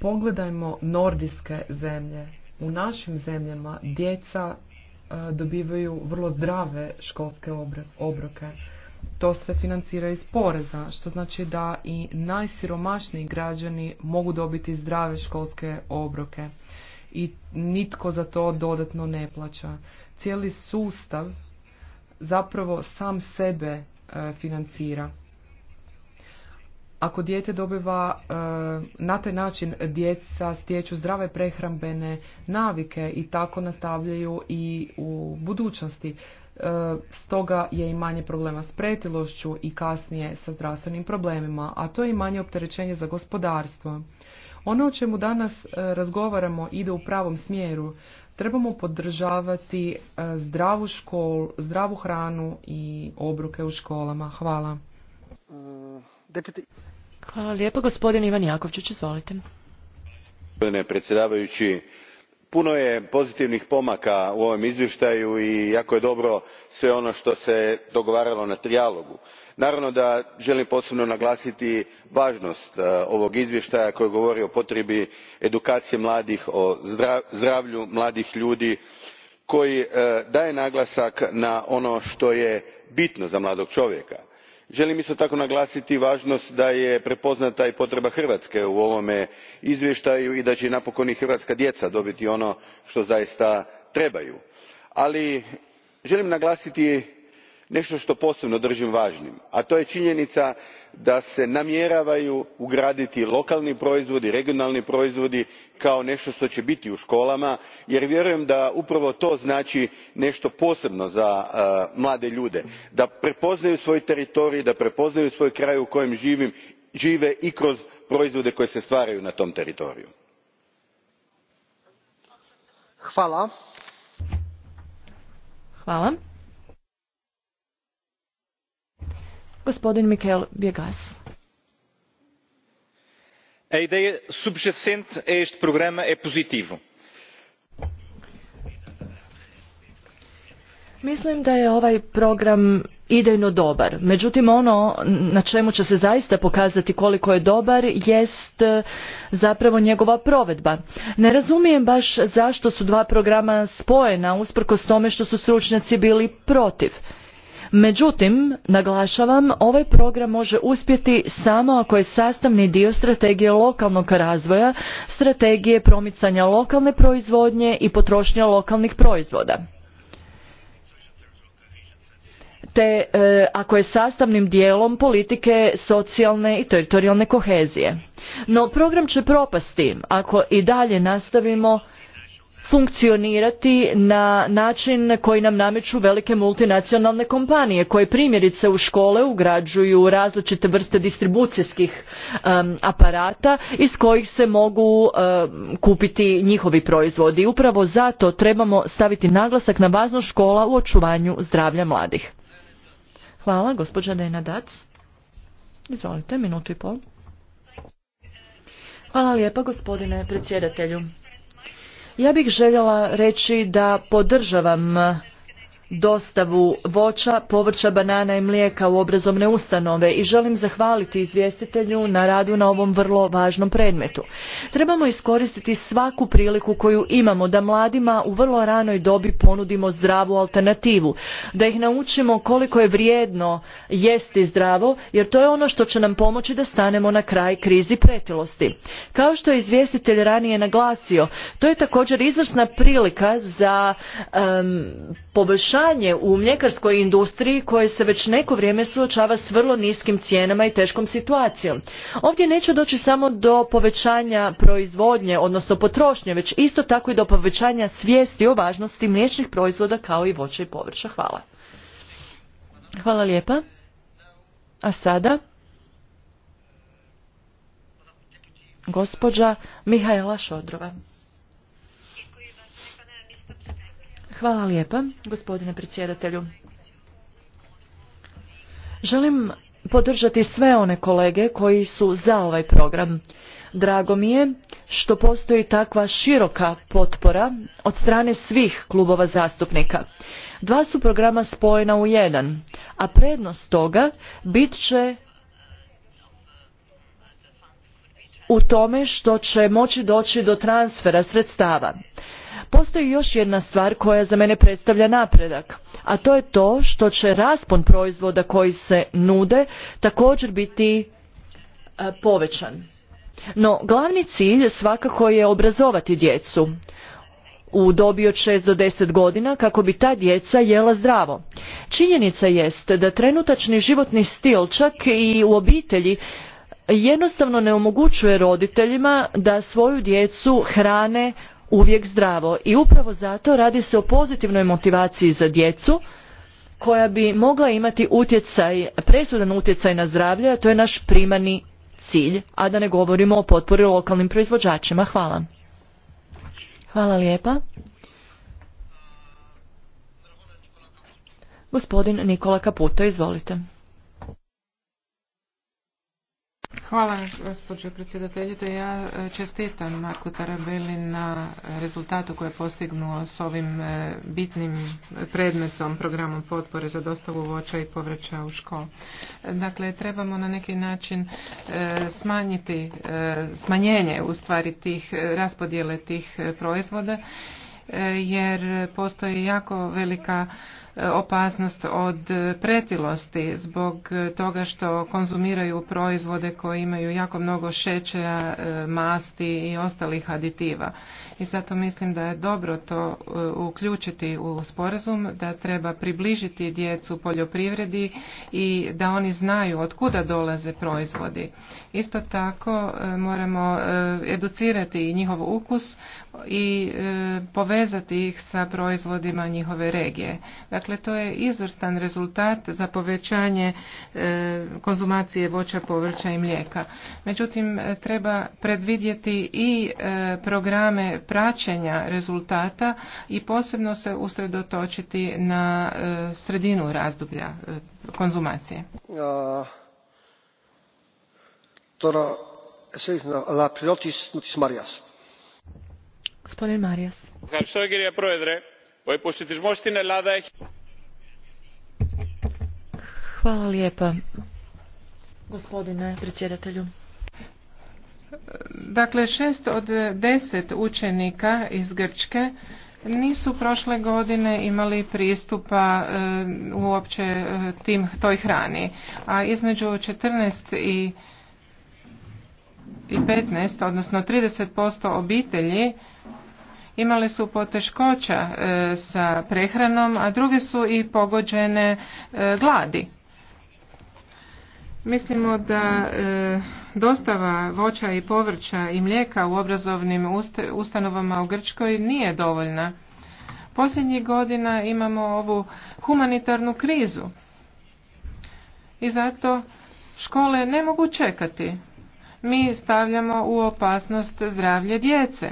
pogledajmo nordijske zemlje. U našim zemljama djeca e, dobivaju vrlo zdrave školske obroke. To se financira iz poreza, što znači da i najsiromašniji građani mogu dobiti zdrave školske obroke i nitko za to dodatno ne plaća. Cijeli sustav zapravo sam sebe E, financira. Ako dijete dobiva e, na taj način djeca stječu zdrave prehrambene navike i tako nastavljaju i u budućnosti. E, stoga je i manje problema s pretilošću i kasnije sa zdravstvenim problemima, a to je i manje opterećenje za gospodarstvo. Ono o čemu danas razgovaramo ide u pravom smjeru. Trebamo podržavati e, zdravu školu, zdravu hranu i obruke u školama. Hvala. Hvala lijepo. Gospodin Ivan Jakovčić, izvolite. Gospodine predsjedavajući, puno je pozitivnih pomaka u ovom izvještaju i jako je dobro sve ono što se dogovaralo na trijalogu naravno da želim posebno naglasiti važnost e, ovog izvještaja koji govori o potrebi edukacije mladih o zdravlju mladih ljudi koji e, daje naglasak na ono što je bitno za mladog čovjeka. želim isto tako naglasiti važnost da je prepoznata i potreba hrvatske u ovome izvještaju i da će napokon i hrvatska djeca dobiti ono što zaista trebaju. ali želim naglasiti nešto što posebno držim važnim a to je činjenica da se namjeravaju ugraditi lokalni proizvodi regionalni proizvodi kao nešto što će biti u školama jer vjerujem da upravo to znači nešto posebno za e, mlade ljude da prepoznaju svoj teritorij da prepoznaju svoj kraj u kojem žive i kroz proizvode koji se stvaraju na tom teritoriju. Hvala. Gospodin Mikel A a este programa Mislim da je ovaj program idejno dobar. Međutim, ono na čemu će se zaista pokazati koliko je dobar jest e, zapravo njegova provedba. Ne razumijem baš zašto su dva programa spojena usprkos tome što su stručnjaci bili protiv. Međutim, naglašavam, ovaj program može uspjeti samo ako je sastavni dio strategije lokalnog razvoja, strategije promicanja lokalne proizvodnje i potrošnja lokalnih proizvoda te e, ako je sastavnim dijelom politike socijalne i teritorijalne kohezije. No program će propasti ako i dalje nastavimo funkcionirati na način koji nam nameću velike multinacionalne kompanije koje primjerice u škole ugrađuju različite vrste distribucijskih aparata iz kojih se mogu kupiti njihovi proizvodi. Upravo zato trebamo staviti naglasak na važnost škola u očuvanju zdravlja mladih. Hvala, gospođa Izvolite, minutu i pol. Hvala lijepa, gospodine predsjedatelju. Ja bih željela reći da podržavam dostavu voća, povrća, banana i mlijeka u obrazovne ustanove i želim zahvaliti izvjestitelju na radu na ovom vrlo važnom predmetu. Trebamo iskoristiti svaku priliku koju imamo da mladima u vrlo ranoj dobi ponudimo zdravu alternativu, da ih naučimo koliko je vrijedno jesti zdravo, jer to je ono što će nam pomoći da stanemo na kraj krizi pretilosti. Kao što je izvjestitelj ranije naglasio, to je također izvrsna prilika za poboljšanje stanje u mljekarskoj industriji koje se već neko vrijeme suočava s vrlo niskim cijenama i teškom situacijom. Ovdje neće doći samo do povećanja proizvodnje, odnosno potrošnje, već isto tako i do povećanja svijesti o važnosti mliječnih proizvoda kao i voća i povrća. Hvala. Hvala lijepa. A sada? Gospođa Mihajla Šodrova. Hvala lijepa, gospodine predsjedatelju. Želim podržati sve one kolege koji su za ovaj program. Drago mi je što postoji takva široka potpora od strane svih klubova zastupnika. Dva su programa spojena u jedan, a prednost toga bit će u tome što će moći doći do transfera sredstava Postoji još jedna stvar koja za mene predstavlja napredak, a to je to što će raspon proizvoda koji se nude također biti e, povećan. No, glavni cilj svakako je obrazovati djecu u dobi od 6 do 10 godina kako bi ta djeca jela zdravo. Činjenica jest da trenutačni životni stil čak i u obitelji jednostavno ne omogućuje roditeljima da svoju djecu hrane uvijek zdravo i upravo zato radi se o pozitivnoj motivaciji za djecu koja bi mogla imati utjecaj, presudan utjecaj na zdravlje, a to je naš primarni cilj, a da ne govorimo o potpori lokalnim proizvođačima. Hvala. Hvala lijepa. Gospodin Nikola Kaputo, izvolite. Hvala gospođo predsjedateljite. Ja e, čestitam Marku Tarabeli na rezultatu koje je postignuo s ovim e, bitnim predmetom, programom potpore za dostavu voća i povrća u školu. Dakle, trebamo na neki način e, smanjiti, smanjenje u stvari tih raspodjele tih proizvoda jer postoji jako velika opasnost od pretilosti zbog toga što konzumiraju proizvode koji imaju jako mnogo šećera, e, masti i ostalih aditiva. I zato mislim da je dobro to e, uključiti u sporazum, da treba približiti djecu poljoprivredi i da oni znaju od kuda dolaze proizvodi. Isto tako e, moramo educirati i njihov ukus i povezati ih sa proizvodima njihove regije. Dakle, Dakle, to je izvrstan rezultat za povećanje e, konzumacije voća, povrća i mlijeka. Međutim, e, treba predvidjeti i e, programe praćenja rezultata i posebno se usredotočiti na sredinu razdoblja konzumacije. Gospodin Marijas. Hvala lijepa, gospodine predsjedatelju. Dakle, šest od deset učenika iz Grčke nisu prošle godine imali pristupa e, uopće e, tim toj hrani, a između 14 i i 15, odnosno 30% obitelji imale su poteškoća e, sa prehranom, a druge su i pogođene e, gladi. Mislimo da e, dostava voća i povrća i mlijeka u obrazovnim ustanovama u Grčkoj nije dovoljna. Posljednjih godina imamo ovu humanitarnu krizu i zato škole ne mogu čekati. Mi stavljamo u opasnost zdravlje djece.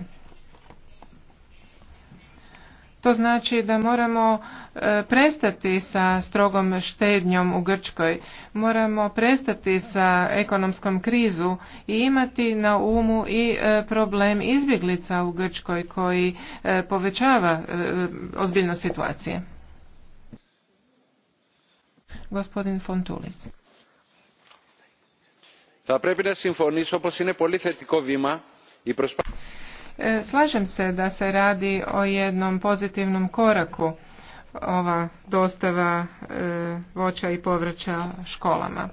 To znači da moramo e, prestati sa strogom štednjom u Grčkoj, moramo prestati sa ekonomskom krizu i imati na umu i e, problem izbjeglica u Grčkoj koji e, povećava ozbiljnost situacije. Gospodin Fontulis. Θα πρέπει να συμφωνήσω πως είναι πολύ θετικό βήμα η E, slažem se da se radi o jednom pozitivnom koraku ova dostava e, voća i povrća školama.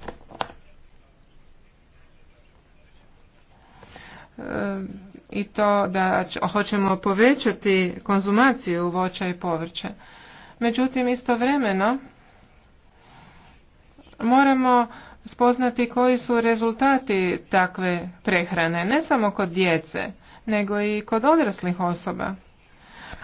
E, I to da hoćemo povećati konzumaciju voća i povrća. Međutim, istovremeno moramo spoznati koji su rezultati takve prehrane, ne samo kod djece, nego i kod odraslih osoba.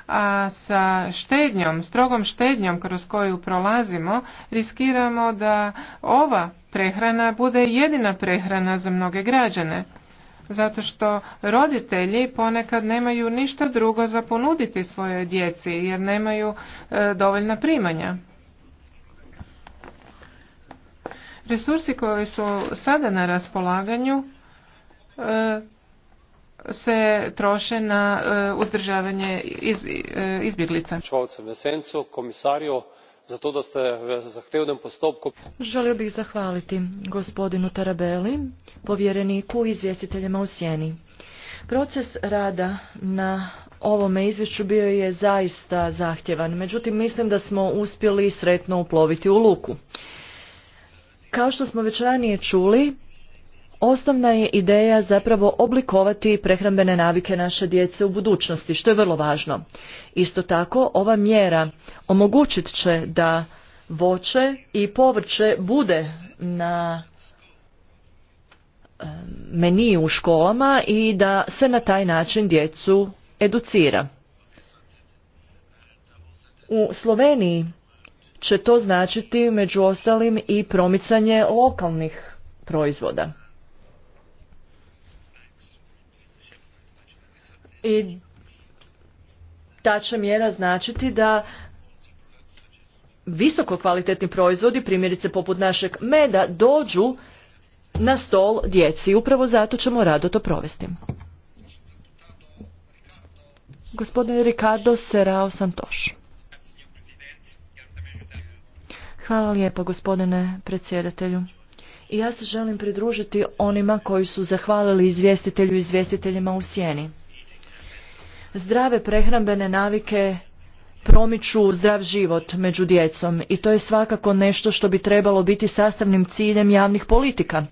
A sa štednjom, strogom štednjom kroz koju prolazimo, riskiramo da ova prehrana bude jedina prehrana za mnoge građane zato što roditelji ponekad nemaju ništa drugo za ponuditi svojoj djeci jer nemaju e, dovoljna primanja. Resursi koji su sada na raspolaganju e, se troše na e, uzdržavanje e, izbjeglica. ste zahtevnem Želio bih zahvaliti gospodinu Tarabeli, povjereniku i izvjestiteljima u Sjeni. Proces rada na ovome izvješću bio je zaista zahtjevan, međutim mislim da smo uspjeli sretno uploviti u luku. Kao što smo već ranije čuli, Osnovna je ideja zapravo oblikovati prehrambene navike naše djece u budućnosti, što je vrlo važno. Isto tako, ova mjera omogućit će da voće i povrće bude na meniju u školama i da se na taj način djecu educira. U Sloveniji će to značiti među ostalim i promicanje lokalnih proizvoda. i ta će mjera značiti da visoko kvalitetni proizvodi, primjerice poput našeg meda, dođu na stol djeci. Upravo zato ćemo rado to provesti. Gospodin Ricardo Serao Santoš. Hvala lijepo gospodine predsjedatelju. I ja se želim pridružiti onima koji su zahvalili izvjestitelju i izvjestiteljima u sjeni. Zdrave prehrambene navike promiču zdrav život među djecom i to je svakako nešto što bi trebalo biti sastavnim ciljem javnih politika.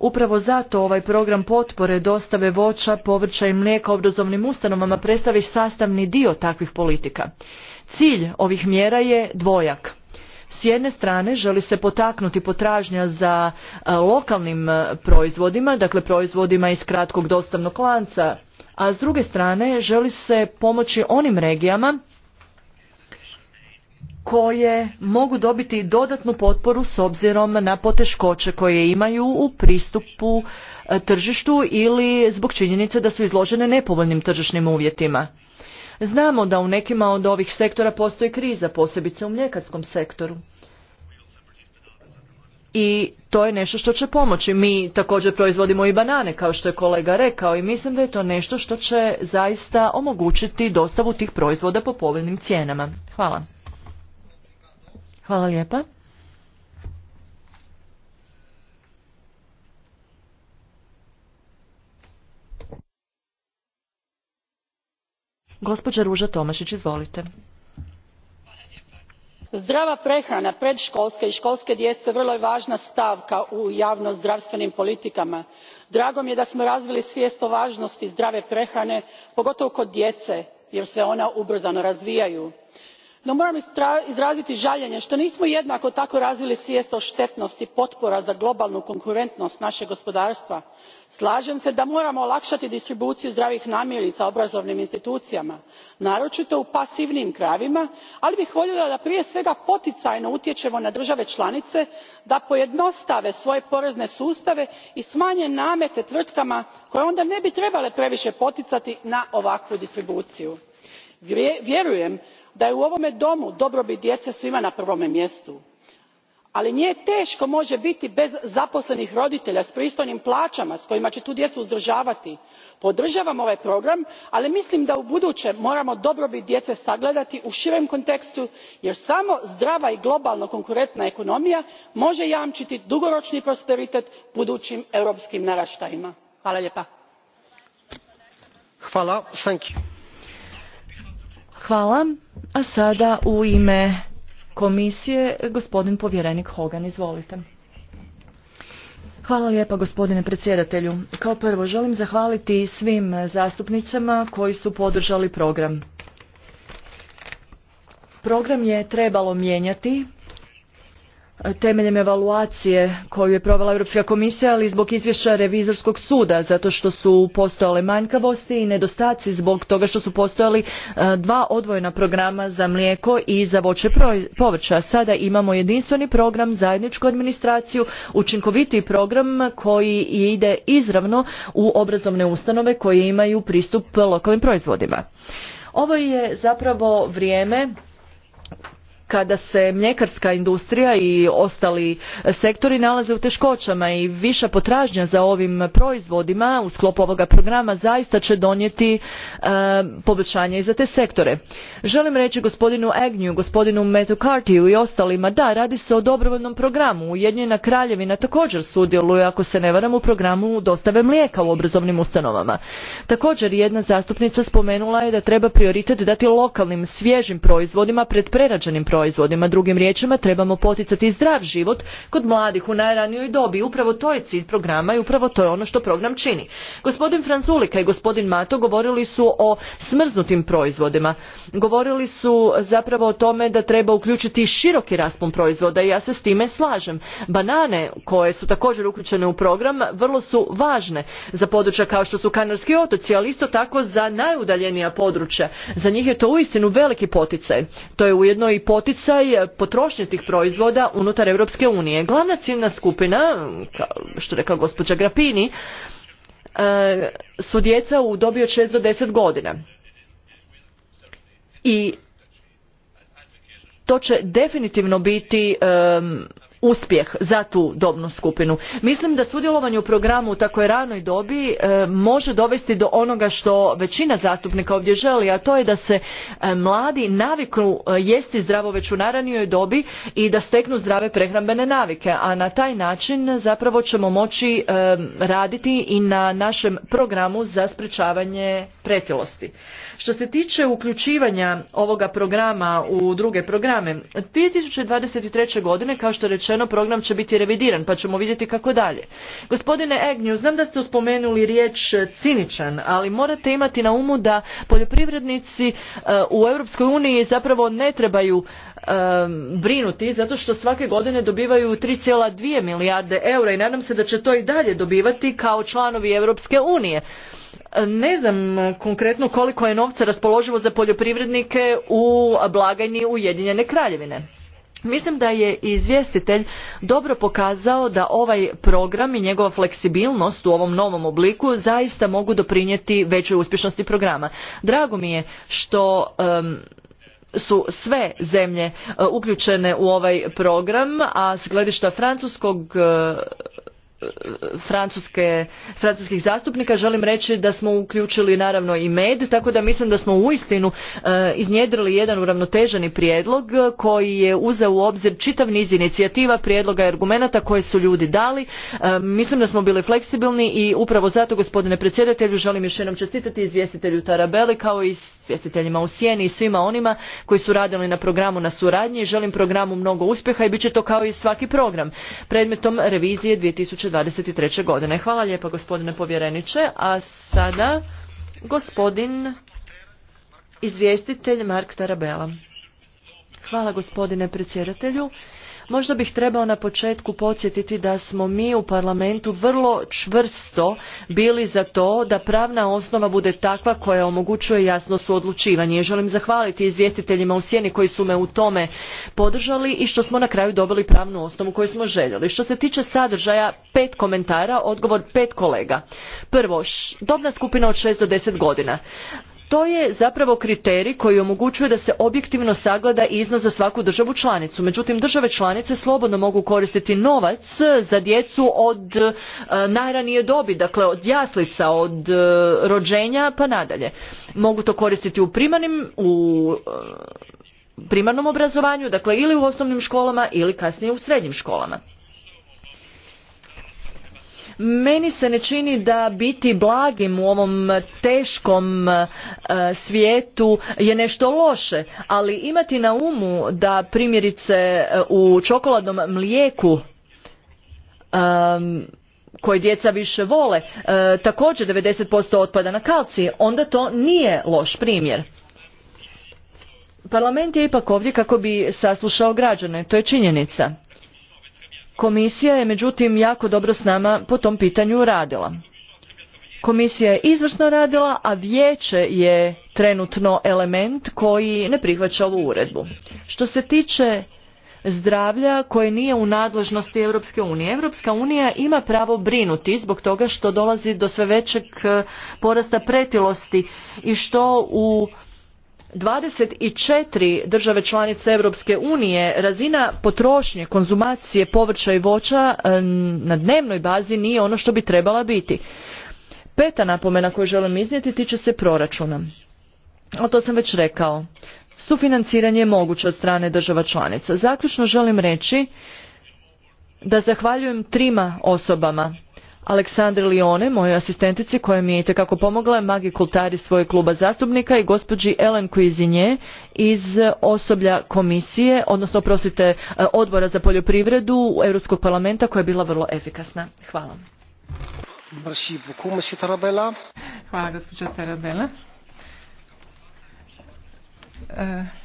Upravo zato ovaj program potpore dostave voća, povrća i mlijeka obrazovnim ustanovama predstavi sastavni dio takvih politika. Cilj ovih mjera je dvojak. S jedne strane želi se potaknuti potražnja za e, lokalnim e, proizvodima, dakle proizvodima iz kratkog dostavnog lanca, a s druge strane želi se pomoći onim regijama koje mogu dobiti dodatnu potporu s obzirom na poteškoće koje imaju u pristupu e, tržištu ili zbog činjenice da su izložene nepovoljnim tržišnim uvjetima. Znamo da u nekima od ovih sektora postoji kriza, posebice u mljekarskom sektoru i to je nešto što će pomoći. Mi također proizvodimo i banane, kao što je kolega rekao, i mislim da je to nešto što će zaista omogućiti dostavu tih proizvoda po povoljnim cijenama. Hvala. Hvala lijepa. Gospođa Ruža Tomašić, izvolite zdrava prehrana predškolske i školske djece vrlo je važna stavka u javnozdravstvenim politikama. drago mi je da smo razvili svijest o važnosti zdrave prehrane pogotovo kod djece jer se ona ubrzano razvijaju no moram izraziti žaljenje što nismo jednako tako razvili svijest o štetnosti potpora za globalnu konkurentnost našeg gospodarstva. slažem se da moramo olakšati distribuciju zdravih namirnica obrazovnim institucijama naročito u pasivnijim krajevima ali bih voljela da prije svega poticajno utječemo na države članice da pojednostave svoje porezne sustave i smanje namete tvrtkama koje onda ne bi trebale previše poticati na ovakvu distribuciju. vjerujem da je u ovome domu dobrobit djece svima na prvome mjestu ali nije teško može biti bez zaposlenih roditelja s pristojnim plaćama s kojima će tu djecu uzdržavati. podržavam ovaj program ali mislim da ubuduće moramo dobrobit djece sagledati u širem kontekstu jer samo zdrava i globalno konkurentna ekonomija može jamčiti dugoročni prosperitet budućim europskim naraštajima. hvala Hvala. A sada u ime komisije gospodin povjerenik Hogan. Izvolite. Hvala lijepa gospodine predsjedatelju. Kao prvo želim zahvaliti svim zastupnicama koji su podržali program. Program je trebalo mijenjati temeljem evaluacije koju je provela Europska komisija, ali i zbog izvješća revizorskog suda, zato što su postojale manjkavosti i nedostaci zbog toga što su postojali e, dva odvojena programa za mlijeko i za voće povrća. Sada imamo jedinstveni program, zajedničku administraciju, učinkovitiji program koji ide izravno u obrazovne ustanove koje imaju pristup lokalnim proizvodima. Ovo je zapravo vrijeme kada se mljekarska industrija i ostali sektori nalaze u teškoćama i viša potražnja za ovim proizvodima u sklopu ovoga programa zaista će donijeti e, poboljšanje i za te sektore. Želim reći gospodinu Agnew, gospodinu Mezukartiju i ostalima da radi se o dobrovoljnom programu. Ujedinjena kraljevina također sudjeluje ako se ne varam u programu dostave mlijeka u obrazovnim ustanovama. Također jedna zastupnica spomenula je da treba prioritet dati lokalnim svježim proizvodima pred prerađenim proizvodima. Drugim riječima trebamo poticati zdrav život kod mladih u najranijoj dobi. Upravo to je cilj programa i upravo to je ono što program čini. Gospodin Franzulika i gospodin Mato govorili su o smrznutim proizvodima. Govorili su zapravo o tome da treba uključiti široki raspon proizvoda i ja se s time slažem. Banane koje su također uključene u program vrlo su važne za područja kao što su Kanarski otoci, ali isto tako za najudaljenija područja. Za njih je to uistinu veliki poticaj. To je ujedno i poticaj poticaj potrošnje tih proizvoda unutar Europske unije. Glavna ciljna skupina, što rekao gospođa Grapini, e, su djeca u dobi od 6 do 10 godina. I to će definitivno biti uspjeh za tu dobnu skupinu. Mislim da sudjelovanje u programu u takvoj ranoj dobi e, može dovesti do onoga što većina zastupnika ovdje želi, a to je da se e, mladi naviknu e, jesti zdravo već u naranijoj dobi i da steknu zdrave prehrambene navike, a na taj način zapravo ćemo moći raditi i na našem programu za sprečavanje pretilosti. Što se tiče uključivanja ovoga programa u druge programe, 2023. godine, kao što je rečeno, program će biti revidiran, pa ćemo vidjeti kako dalje. Gospodine Egnju, znam da ste spomenuli riječ ciničan, ali morate imati na umu da poljoprivrednici eh, u Europskoj uniji zapravo ne trebaju ehm, brinuti zato što svake godine dobivaju 3,2 milijarde eura i nadam se da će to i dalje dobivati kao članovi Europske unije ne znam konkretno koliko je novca raspoloživo za poljoprivrednike u blagajni Ujedinjene kraljevine. Mislim da je izvjestitelj dobro pokazao da ovaj program i njegova fleksibilnost u ovom novom obliku zaista mogu doprinijeti većoj uspješnosti programa. Drago mi je što su sve zemlje e, uključene u ovaj program, a s gledišta francuskog e, francuske, francuskih zastupnika želim reći da smo uključili naravno i med, tako da mislim da smo uistinu e, iznjedrili jedan uravnoteženi prijedlog koji je uzeo u obzir čitav niz inicijativa, prijedloga i argumenata koje su ljudi dali. E, mislim da smo bili fleksibilni i upravo zato gospodine predsjedatelju želim još jednom čestitati izvjestitelju Tarabeli kao i izvjestiteljima u Sjeni i svima onima koji su radili na programu na suradnji i želim programu mnogo uspjeha i bit će to kao i svaki program predmetom revizije 2020. 2023. godine. Hvala lijepa gospodine povjereniče, a sada gospodin izvjestitelj Mark Tarabela. Hvala gospodine predsjedatelju. Možda bih trebao na početku podsjetiti da smo mi u parlamentu vrlo čvrsto bili za to da pravna osnova bude takva koja omogućuje jasno suodlučivanje. I želim zahvaliti izvjestiteljima u sjeni koji su me u tome podržali i što smo na kraju dobili pravnu osnovu koju smo željeli. Što se tiče sadržaja, pet komentara, odgovor pet kolega. Prvo, dobna skupina od 6 do 10 godina to je zapravo kriterij koji omogućuje da se objektivno sagleda iznos za svaku državu članicu međutim države članice slobodno mogu koristiti novac za djecu od e, najranije dobi dakle od jaslica od e, rođenja pa nadalje mogu to koristiti u primarnim u e, primarnom obrazovanju dakle ili u osnovnim školama ili kasnije u srednjim školama meni se ne čini da biti blagim u ovom teškom e, svijetu je nešto loše, ali imati na umu da primjerice e, u čokoladnom mlijeku koje djeca više vole, e, također 90% otpada na kalci onda to nije loš primjer. Parlament je ipak ovdje kako bi saslušao građane, to je činjenica. Komisija je međutim jako dobro s nama po tom pitanju radila. Komisija je izvrsno radila, a vijeće je trenutno element koji ne prihvaća ovu uredbu. Što se tiče zdravlja koje nije u nadležnosti Europske unije. Europska unija ima pravo brinuti zbog toga što dolazi do sve većeg eh, porasta pretilosti i što u 24 države članice Europske unije razina potrošnje, konzumacije povrća i voća e, na dnevnoj bazi nije ono što bi trebala biti. Peta napomena koju želim iznijeti tiče se proračuna. O to sam već rekao. Sufinanciranje je moguće od strane država članica. Zaključno želim reći da zahvaljujem trima osobama Aleksandri Lione, mojoj asistentici koja mi je itekako pomogla, Magi Kultari svojeg kluba zastupnika i gospođi Ellen Cuisinje iz osoblja komisije, odnosno prosite e, odbora za poljoprivredu Europskog parlamenta koja je bila vrlo efikasna. Hvala. Hvala gospođa Tarabela. E,